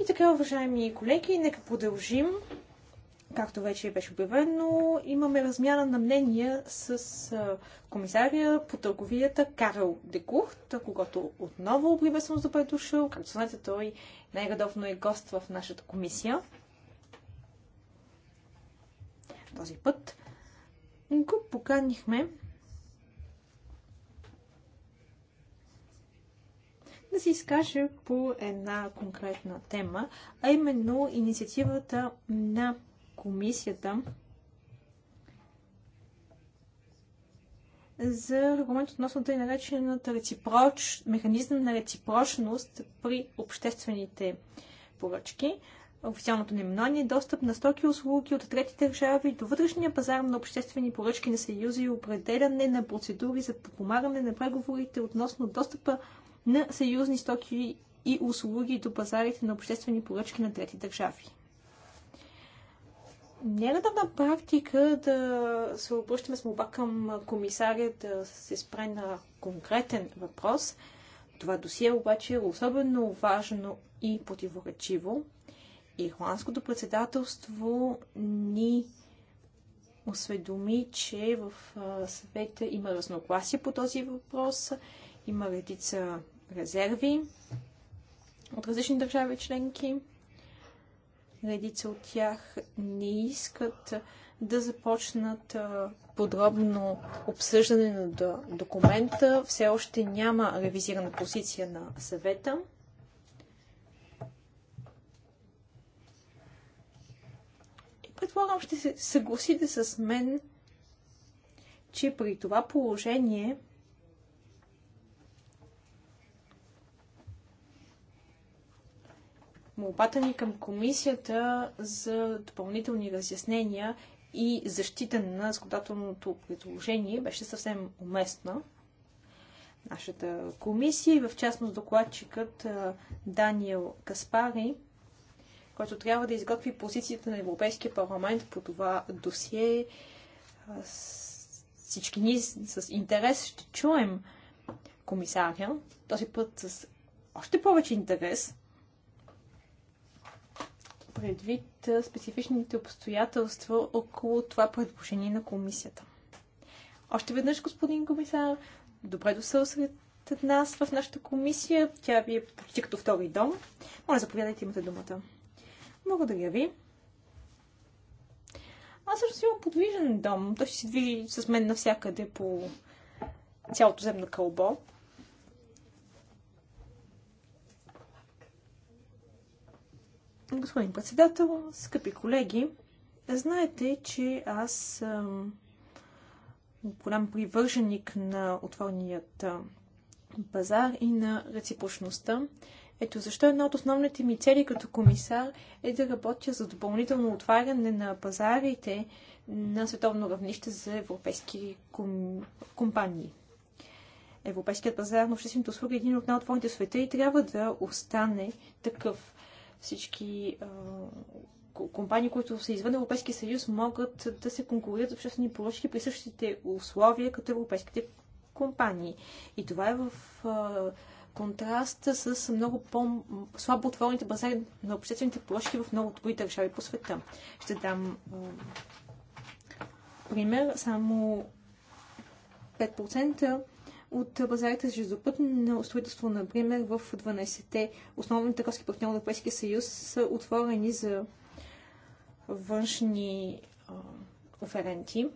И така, уважаеми колеги, нека продължим. Както вече беше обявено, имаме размяна на мнения с комисария по търговията Карел Декухт, когато отново приветствам за добре дошъл. Както знаете, той най-редовно е гост в нашата комисия. Този път го поканихме да се изкаже по една конкретна тема, а именно инициативата на комисията за регламент относно тъй наречената реципроч... механизъм на реципрочност при обществените поръчки. Официалното наименование е достъп на стоки и услуги от трети държави до вътрешния пазар на обществени поръчки на Съюза и определяне на процедури за подпомагане на преговорите относно достъпа на съюзни стоки и услуги до пазарите на обществени поръчки на трети държави. на практика да се обръщаме с молба към комисаря да се спре на конкретен въпрос. Това досие обаче е особено важно и противоречиво. Ирландското председателство ни осведоми, че в съвета има разногласия по този въпрос има редица резерви от различни държави членки. Редица от тях не искат да започнат подробно обсъждане на документа. Все още няма ревизирана позиция на съвета. И предполагам, ще се съгласите с мен, че при това положение молбата ни към комисията за допълнителни разяснения и защита на законодателното предложение беше съвсем уместна. Нашата комисия и в частност докладчикът Даниел Каспари, който трябва да изготви позицията на Европейския парламент по това досие. Всички ни с интерес ще чуем комисаря, този път с още повече интерес, предвид специфичните обстоятелства около това предложение на комисията. Още веднъж, господин комисар, добре дошъл сред нас в нашата комисия. Тя ви е почти като втори дом. Моля, заповядайте, имате думата. Благодаря ви. Аз също си имам подвижен дом. Той ще се движи с мен навсякъде по цялото земно кълбо. Господин председател, скъпи колеги, знаете, че аз съм голям привърженик на отворният пазар и на реципрочността. Ето защо една от основните ми цели като комисар е да работя за допълнително отваряне на пазарите на световно равнище за европейски ком... компании. Европейският пазар на обществените услуги е един от най отворните света и трябва да остане такъв. Всички а, компании, които са извън Европейския съюз, могат да се конкурират за обществени поръчки при същите условия като европейските компании. И това е в а, контраст с много по-слабо отворените базари на обществените поръчки в много други държави по света. Ще дам а, пример. Само 5% от пазарите за железопътно строителство, например, в 12-те основни търговски партньори на Европейския съюз са отворени за външни а, оференти.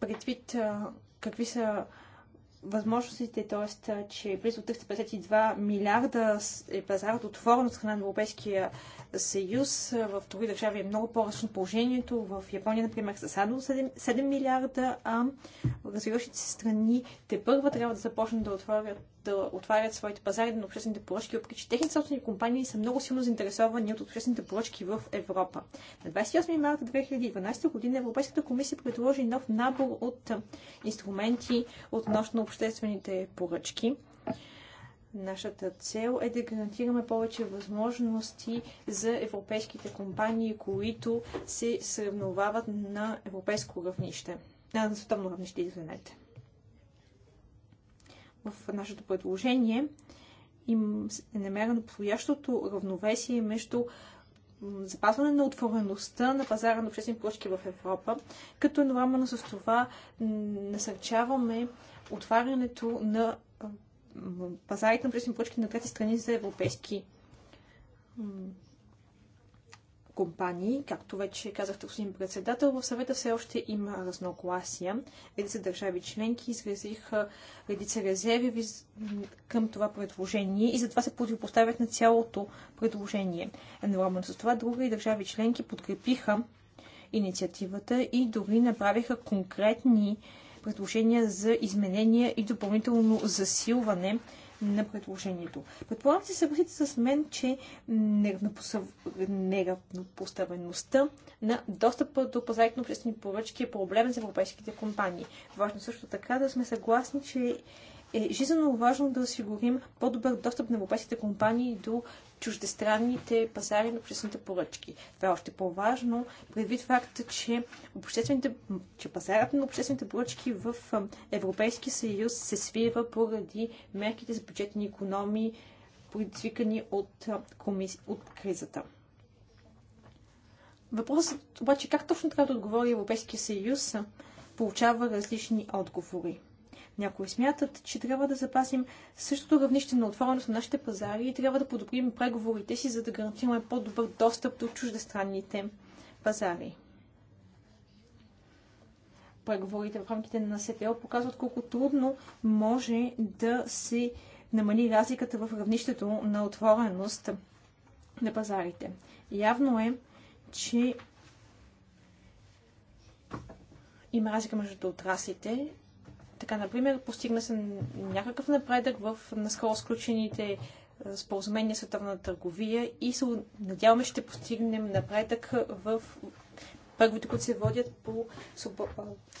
Предвид а, какви са възможностите, т.е. че близо 352 милиарда е пазарът отворен от страна на Европейския съюз. В други държави е много по-различно положението. В Япония, например, са само 7, 7 милиарда, а развиващите се страни те първа трябва да започнат да отворят да отварят своите пазари на обществените поръчки, въпреки че техните собствени компании са много силно заинтересовани от обществените поръчки в Европа. На 28 марта 2012 година Европейската комисия предложи нов набор от инструменти относно обществените поръчки. Нашата цел е да гарантираме повече възможности за европейските компании, които се сравновават на европейско равнище. На световно равнище, извинете в нашето предложение им е намерено подходящото равновесие между запазване на отвореността на пазара на обществени поръчки в Европа, като едновременно с това насърчаваме отварянето на пазарите на обществени поръчки на трети страни за европейски компании. Както вече казахте, господин председател, в съвета все още има разногласия. Редица държави членки изразиха редица резерви към това предложение и затова се противопоставят на цялото предложение. Едновременно с това други държави членки подкрепиха инициативата и дори направиха конкретни предложения за изменения и допълнително засилване на предложението. Предполагам, че се съгласите с мен, че неравнопоставеността на достъпа до пазарите на обществени поръчки е проблем за европейските компании. Важно също така да сме съгласни, че е жизненно важно да осигурим по-добър достъп на европейските компании до чуждестранните пазари на обществените поръчки. Това е още по-важно, предвид факта, че, че пазарът на обществените поръчки в Европейския съюз се свива поради мерките за бюджетни економии, предизвикани от, от кризата. Въпросът обаче е как точно трябва да отговори Европейския съюз, получава различни отговори. Някои смятат, че трябва да запасим същото равнище на отвореност на нашите пазари и трябва да подобрим преговорите си, за да гарантираме по-добър достъп до чуждестранните пазари. Преговорите в рамките на СТО показват колко трудно може да се намали разликата в равнището на отвореност на пазарите. Явно е, че има разлика между отраслите така, например, постигна се някакъв напредък в наскоро сключените е, споразумения световна търговия и се надяваме ще постигнем напредък в първите, които се водят по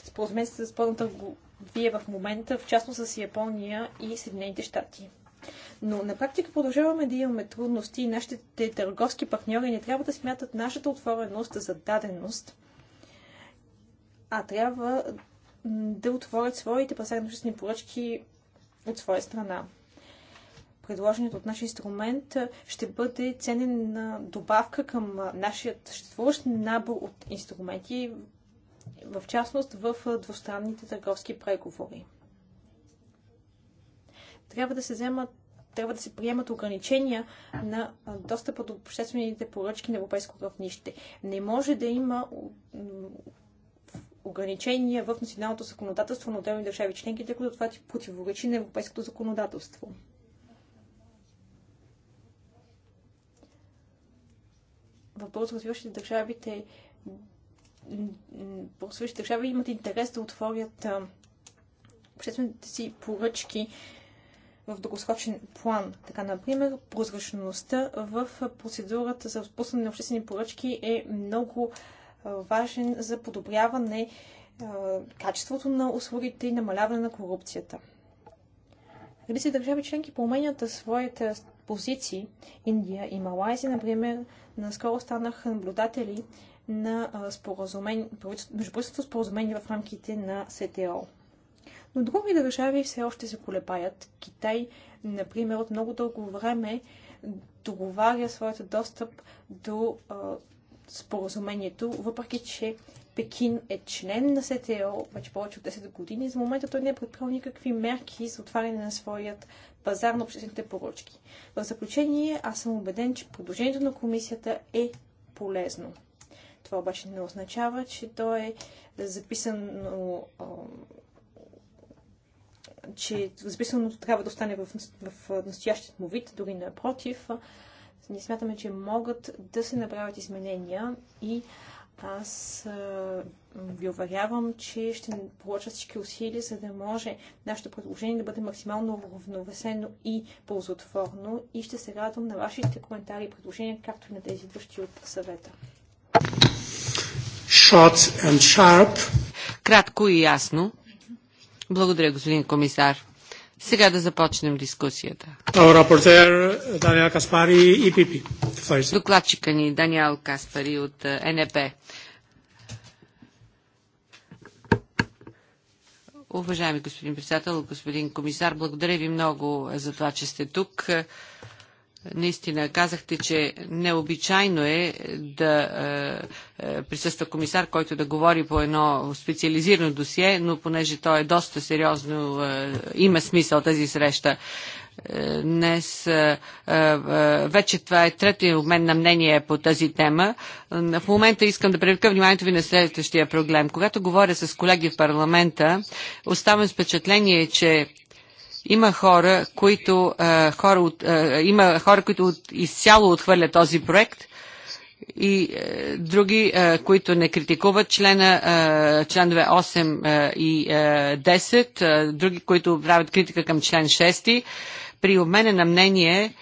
споразумения за Световна търговия в момента, в частност с Япония и Съединените щати. Но на практика продължаваме да имаме трудности и нашите търговски партньори не трябва да смятат нашата отвореност за даденост, а трябва да отворят своите пазари обществени поръчки от своя страна. Предложеният от нашия инструмент ще бъде ценен на добавка към нашия съществуващ набор от инструменти, в частност в двустранните търговски преговори. Трябва да се вземат трябва да се приемат ограничения на достъпа до обществените поръчки на европейско равнище. Не може да има ограничения в националното законодателство на отделни държави членки, тъй като това ти противоречи на европейското законодателство. Въпрос развиващите държавите развиващите държави имат интерес да отворят обществените си поръчки в дългосрочен план. Така, например, прозрачността в процедурата за отпускане на обществени поръчки е много важен за подобряване качеството на услугите и намаляване на корупцията. Редица държави членки променят своите позиции. Индия и Малайзия, например, наскоро станаха наблюдатели на споразумение, междуправителството споразумение в рамките на СТО. Но други държави все още се колебаят. Китай, например, от много дълго време договаря своят достъп до споразумението, въпреки че Пекин е член на СТО вече повече от 10 години. За момента той не е предприел никакви мерки за отваряне на своят пазар на обществените поръчки. В заключение, аз съм убеден, че предложението на комисията е полезно. Това обаче не означава, че то е записано че записаното трябва да остане в, в настоящият му вид, дори напротив, ние смятаме, че могат да се направят изменения и аз ви уверявам, че ще получа всички усилия, за да може нашето предложение да бъде максимално равновесено и ползотворно и ще се радвам на вашите коментари и предложения, както и на тези идващи от съвета. Short and sharp. Кратко и ясно. Благодаря, господин комисар. Сега да започнем дискусията. Даниел Каспари и Пипи. Докладчика ни Даниел Каспари от е, НП. Уважаеми господин председател, господин комисар, благодаря ви много за това, че сте тук. Наистина казахте, че необичайно е да е, е, присъства комисар, който да говори по едно специализирано досие, но понеже то е доста сериозно, е, има смисъл тази среща. Е, днес е, е, вече това е третия обмен на мнение по тази тема. В момента искам да привлека вниманието ви на следващия проблем. Когато говоря с колеги в парламента, оставам с впечатление, че има хора, които, хора от, има хора, които от, изцяло отхвърлят този проект и е, други, е, които не критикуват члена, е, членове 8 и 10, други, които правят критика към член 6. При обмене на мнение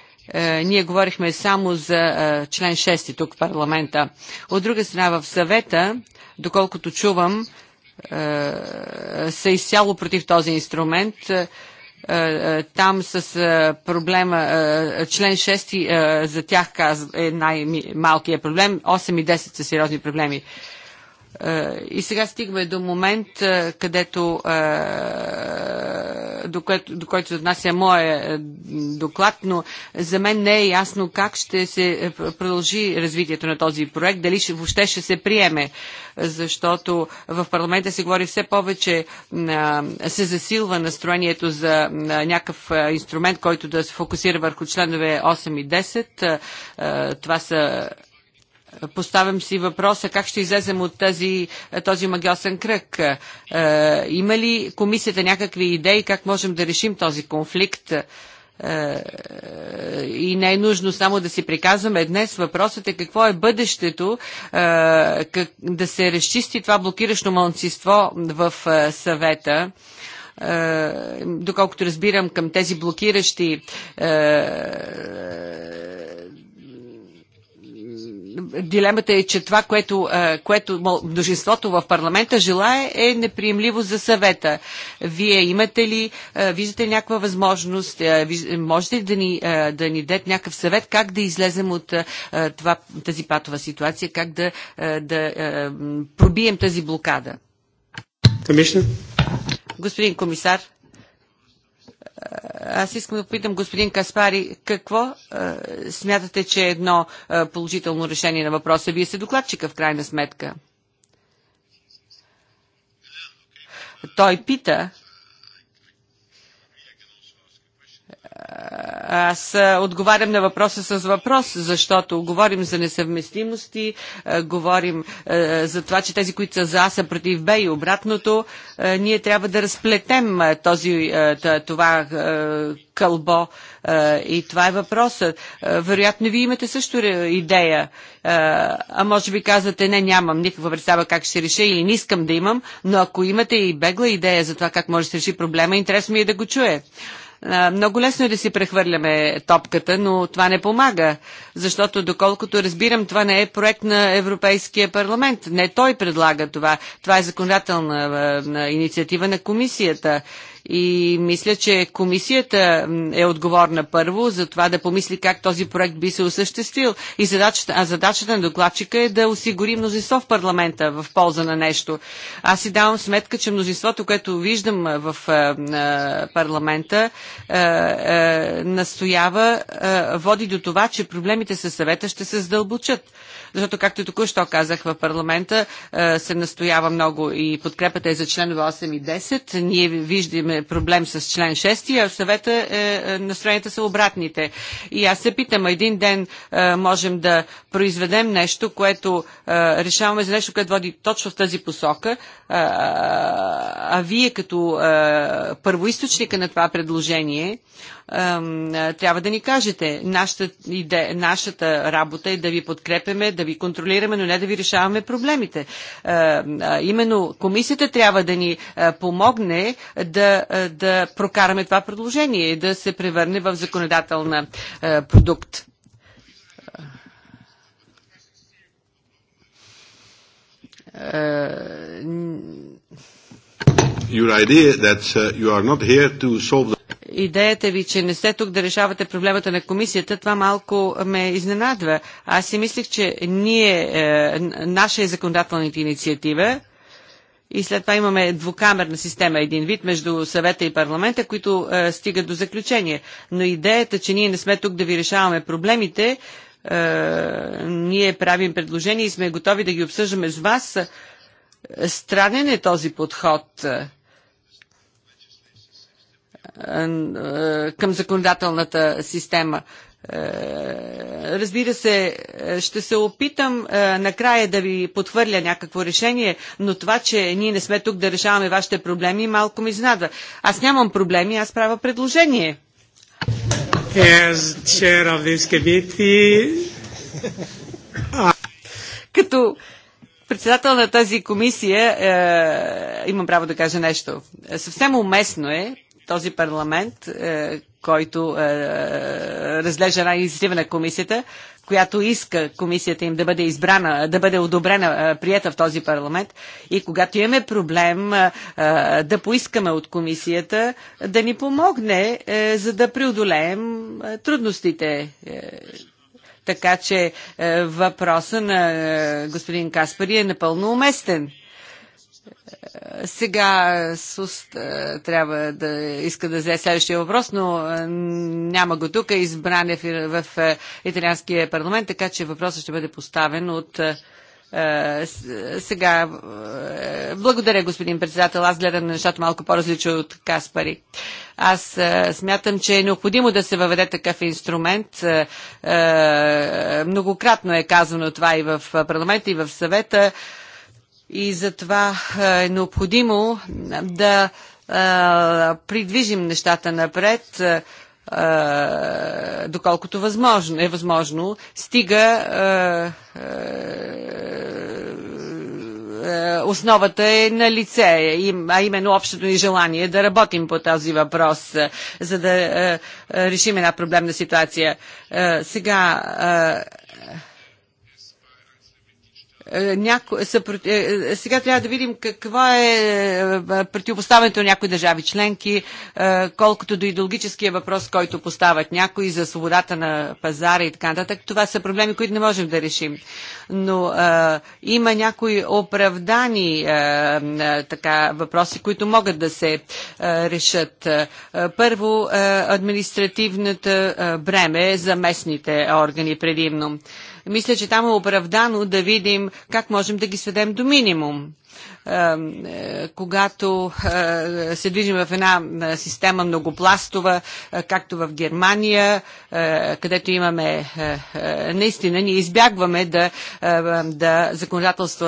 ние говорихме само за член 6 тук в парламента. От друга страна в съвета, доколкото чувам, са изцяло против този инструмент. Е, е, там с е, проблема, член 6 за тях е най-малкият проблем, 8 и 10 са сериозни проблеми. Е, и сега стигаме до момент, е, където, е, до, което, до който отнася моя доклад, но за мен не е ясно как ще се продължи развитието на този проект, дали ще, въобще ще се приеме, защото в парламента се говори все повече, се засилва настроението за някакъв инструмент, който да се фокусира върху членове 8 и 10. Това са Поставям си въпроса как ще излезем от тази, този магиосен кръг. Е, има ли комисията някакви идеи как можем да решим този конфликт? Е, и не е нужно само да си приказваме днес. Въпросът е какво е бъдещето е, да се разчисти това блокиращо мълнцинство в съвета. Доколкото разбирам към тези блокиращи дилемата е, че това, което, е, което множеството в парламента желае, е неприемливо за съвета. Вие имате ли, е, виждате ли някаква възможност, е, можете ли да ни, да ни дадете някакъв съвет как да излезем от това, тази патова ситуация, как да, да пробием тази блокада? Господин комисар, аз искам да попитам господин Каспари, какво а, смятате, че е едно а, положително решение на въпроса? Вие сте докладчика в крайна сметка. Той пита аз отговарям на въпроса с въпрос, защото говорим за несъвместимости, говорим за това, че тези, които са за А, са против Б и обратното. Ние трябва да разплетем този, това кълбо и това е въпросът. Вероятно, вие имате също идея. А може би казвате, не, нямам никаква представа как ще реша или не искам да имам, но ако имате и бегла идея за това как може да се реши проблема, интересно ми е да го чуя. Много лесно е да си прехвърляме топката, но това не помага, защото доколкото разбирам, това не е проект на Европейския парламент. Не той предлага това. Това е законодателна инициатива на комисията и мисля, че комисията е отговорна първо за това да помисли как този проект би се осъществил. И задачата, а задачата на докладчика е да осигури мнозинство в парламента в полза на нещо. Аз си давам сметка, че мнозинството, което виждам в парламента, настоява, води до това, че проблемите със съвета ще се задълбочат защото, както току-що казах в парламента, се настоява много и подкрепата е за членове 8 и 10. Ние виждаме имаме проблем с член 6, а в съвета е, е, настроенията са обратните. И аз се питам, един ден е, можем да произведем нещо, което е, решаваме за нещо, което води точно в тази посока, е, а вие като е, първоисточника на това предложение е, трябва да ни кажете. Нашата, иде, нашата работа е да ви подкрепяме, да ви контролираме, но не да ви решаваме проблемите. Е, именно комисията трябва да ни помогне да е, да прокараме това предложение и да се превърне в законодателна е, продукт. Е, uh, идеята ви, че не сте тук да решавате проблемата на комисията, това малко ме изненадва. Аз си мислих, че ние, е, наша е законодателната инициатива, и след това имаме двукамерна система, един вид между съвета и парламента, които е, стигат до заключение. Но идеята, че ние не сме тук да ви решаваме проблемите, е, ние правим предложения и сме готови да ги обсъждаме с вас. Странен е този подход е, е, към законодателната система. Е, разбира се, е, ще се опитам е, накрая да ви подхвърля някакво решение, но това, че ние не сме тук да решаваме вашите проблеми, малко ми изнадва. Аз нямам проблеми, аз правя предложение. Като председател на тази комисия имам право да кажа нещо. Съвсем уместно е този парламент, който е, е, разглежда една инициатива на комисията, която иска комисията им да бъде избрана, да бъде одобрена, е, прията в този парламент. И когато имаме проблем, е, да поискаме от комисията да ни помогне, за да преодолеем трудностите. Така че въпроса на господин Каспари е напълно уместен. Сега е, Суст е, трябва да иска да взе следващия въпрос, но е, няма го тук. Избран е в италианския парламент, така че въпросът ще бъде поставен от сега. Благодаря, господин председател. Аз гледам на нещата малко по-различно от Каспари. Аз смятам, че е необходимо да се въведе такъв инструмент. Многократно е казано това и в парламента, и в съвета и затова е, е необходимо е, да е, придвижим нещата напред доколкото възможно, е възможно, стига е, е, основата е на лице, а именно общото ни желание да работим по този въпрос, за да е, решим една проблемна ситуация. сега е, няко... Е, съпро... Е, сега трябва да видим какво е противопоставянето на някои държави членки, колкото до идеологическия въпрос, който поставят някои за свободата на пазара и така нататък. Това са проблеми, които не можем да решим. Но а, има някои оправдани а, така, въпроси, които могат да се а, решат. Първо, административната бреме за местните органи предимно мисля, че там е оправдано да видим как можем да ги сведем до минимум. Е, е, когато е, се движим в една система многопластова, както в Германия, където имаме наистина, ние избягваме да, да законодателство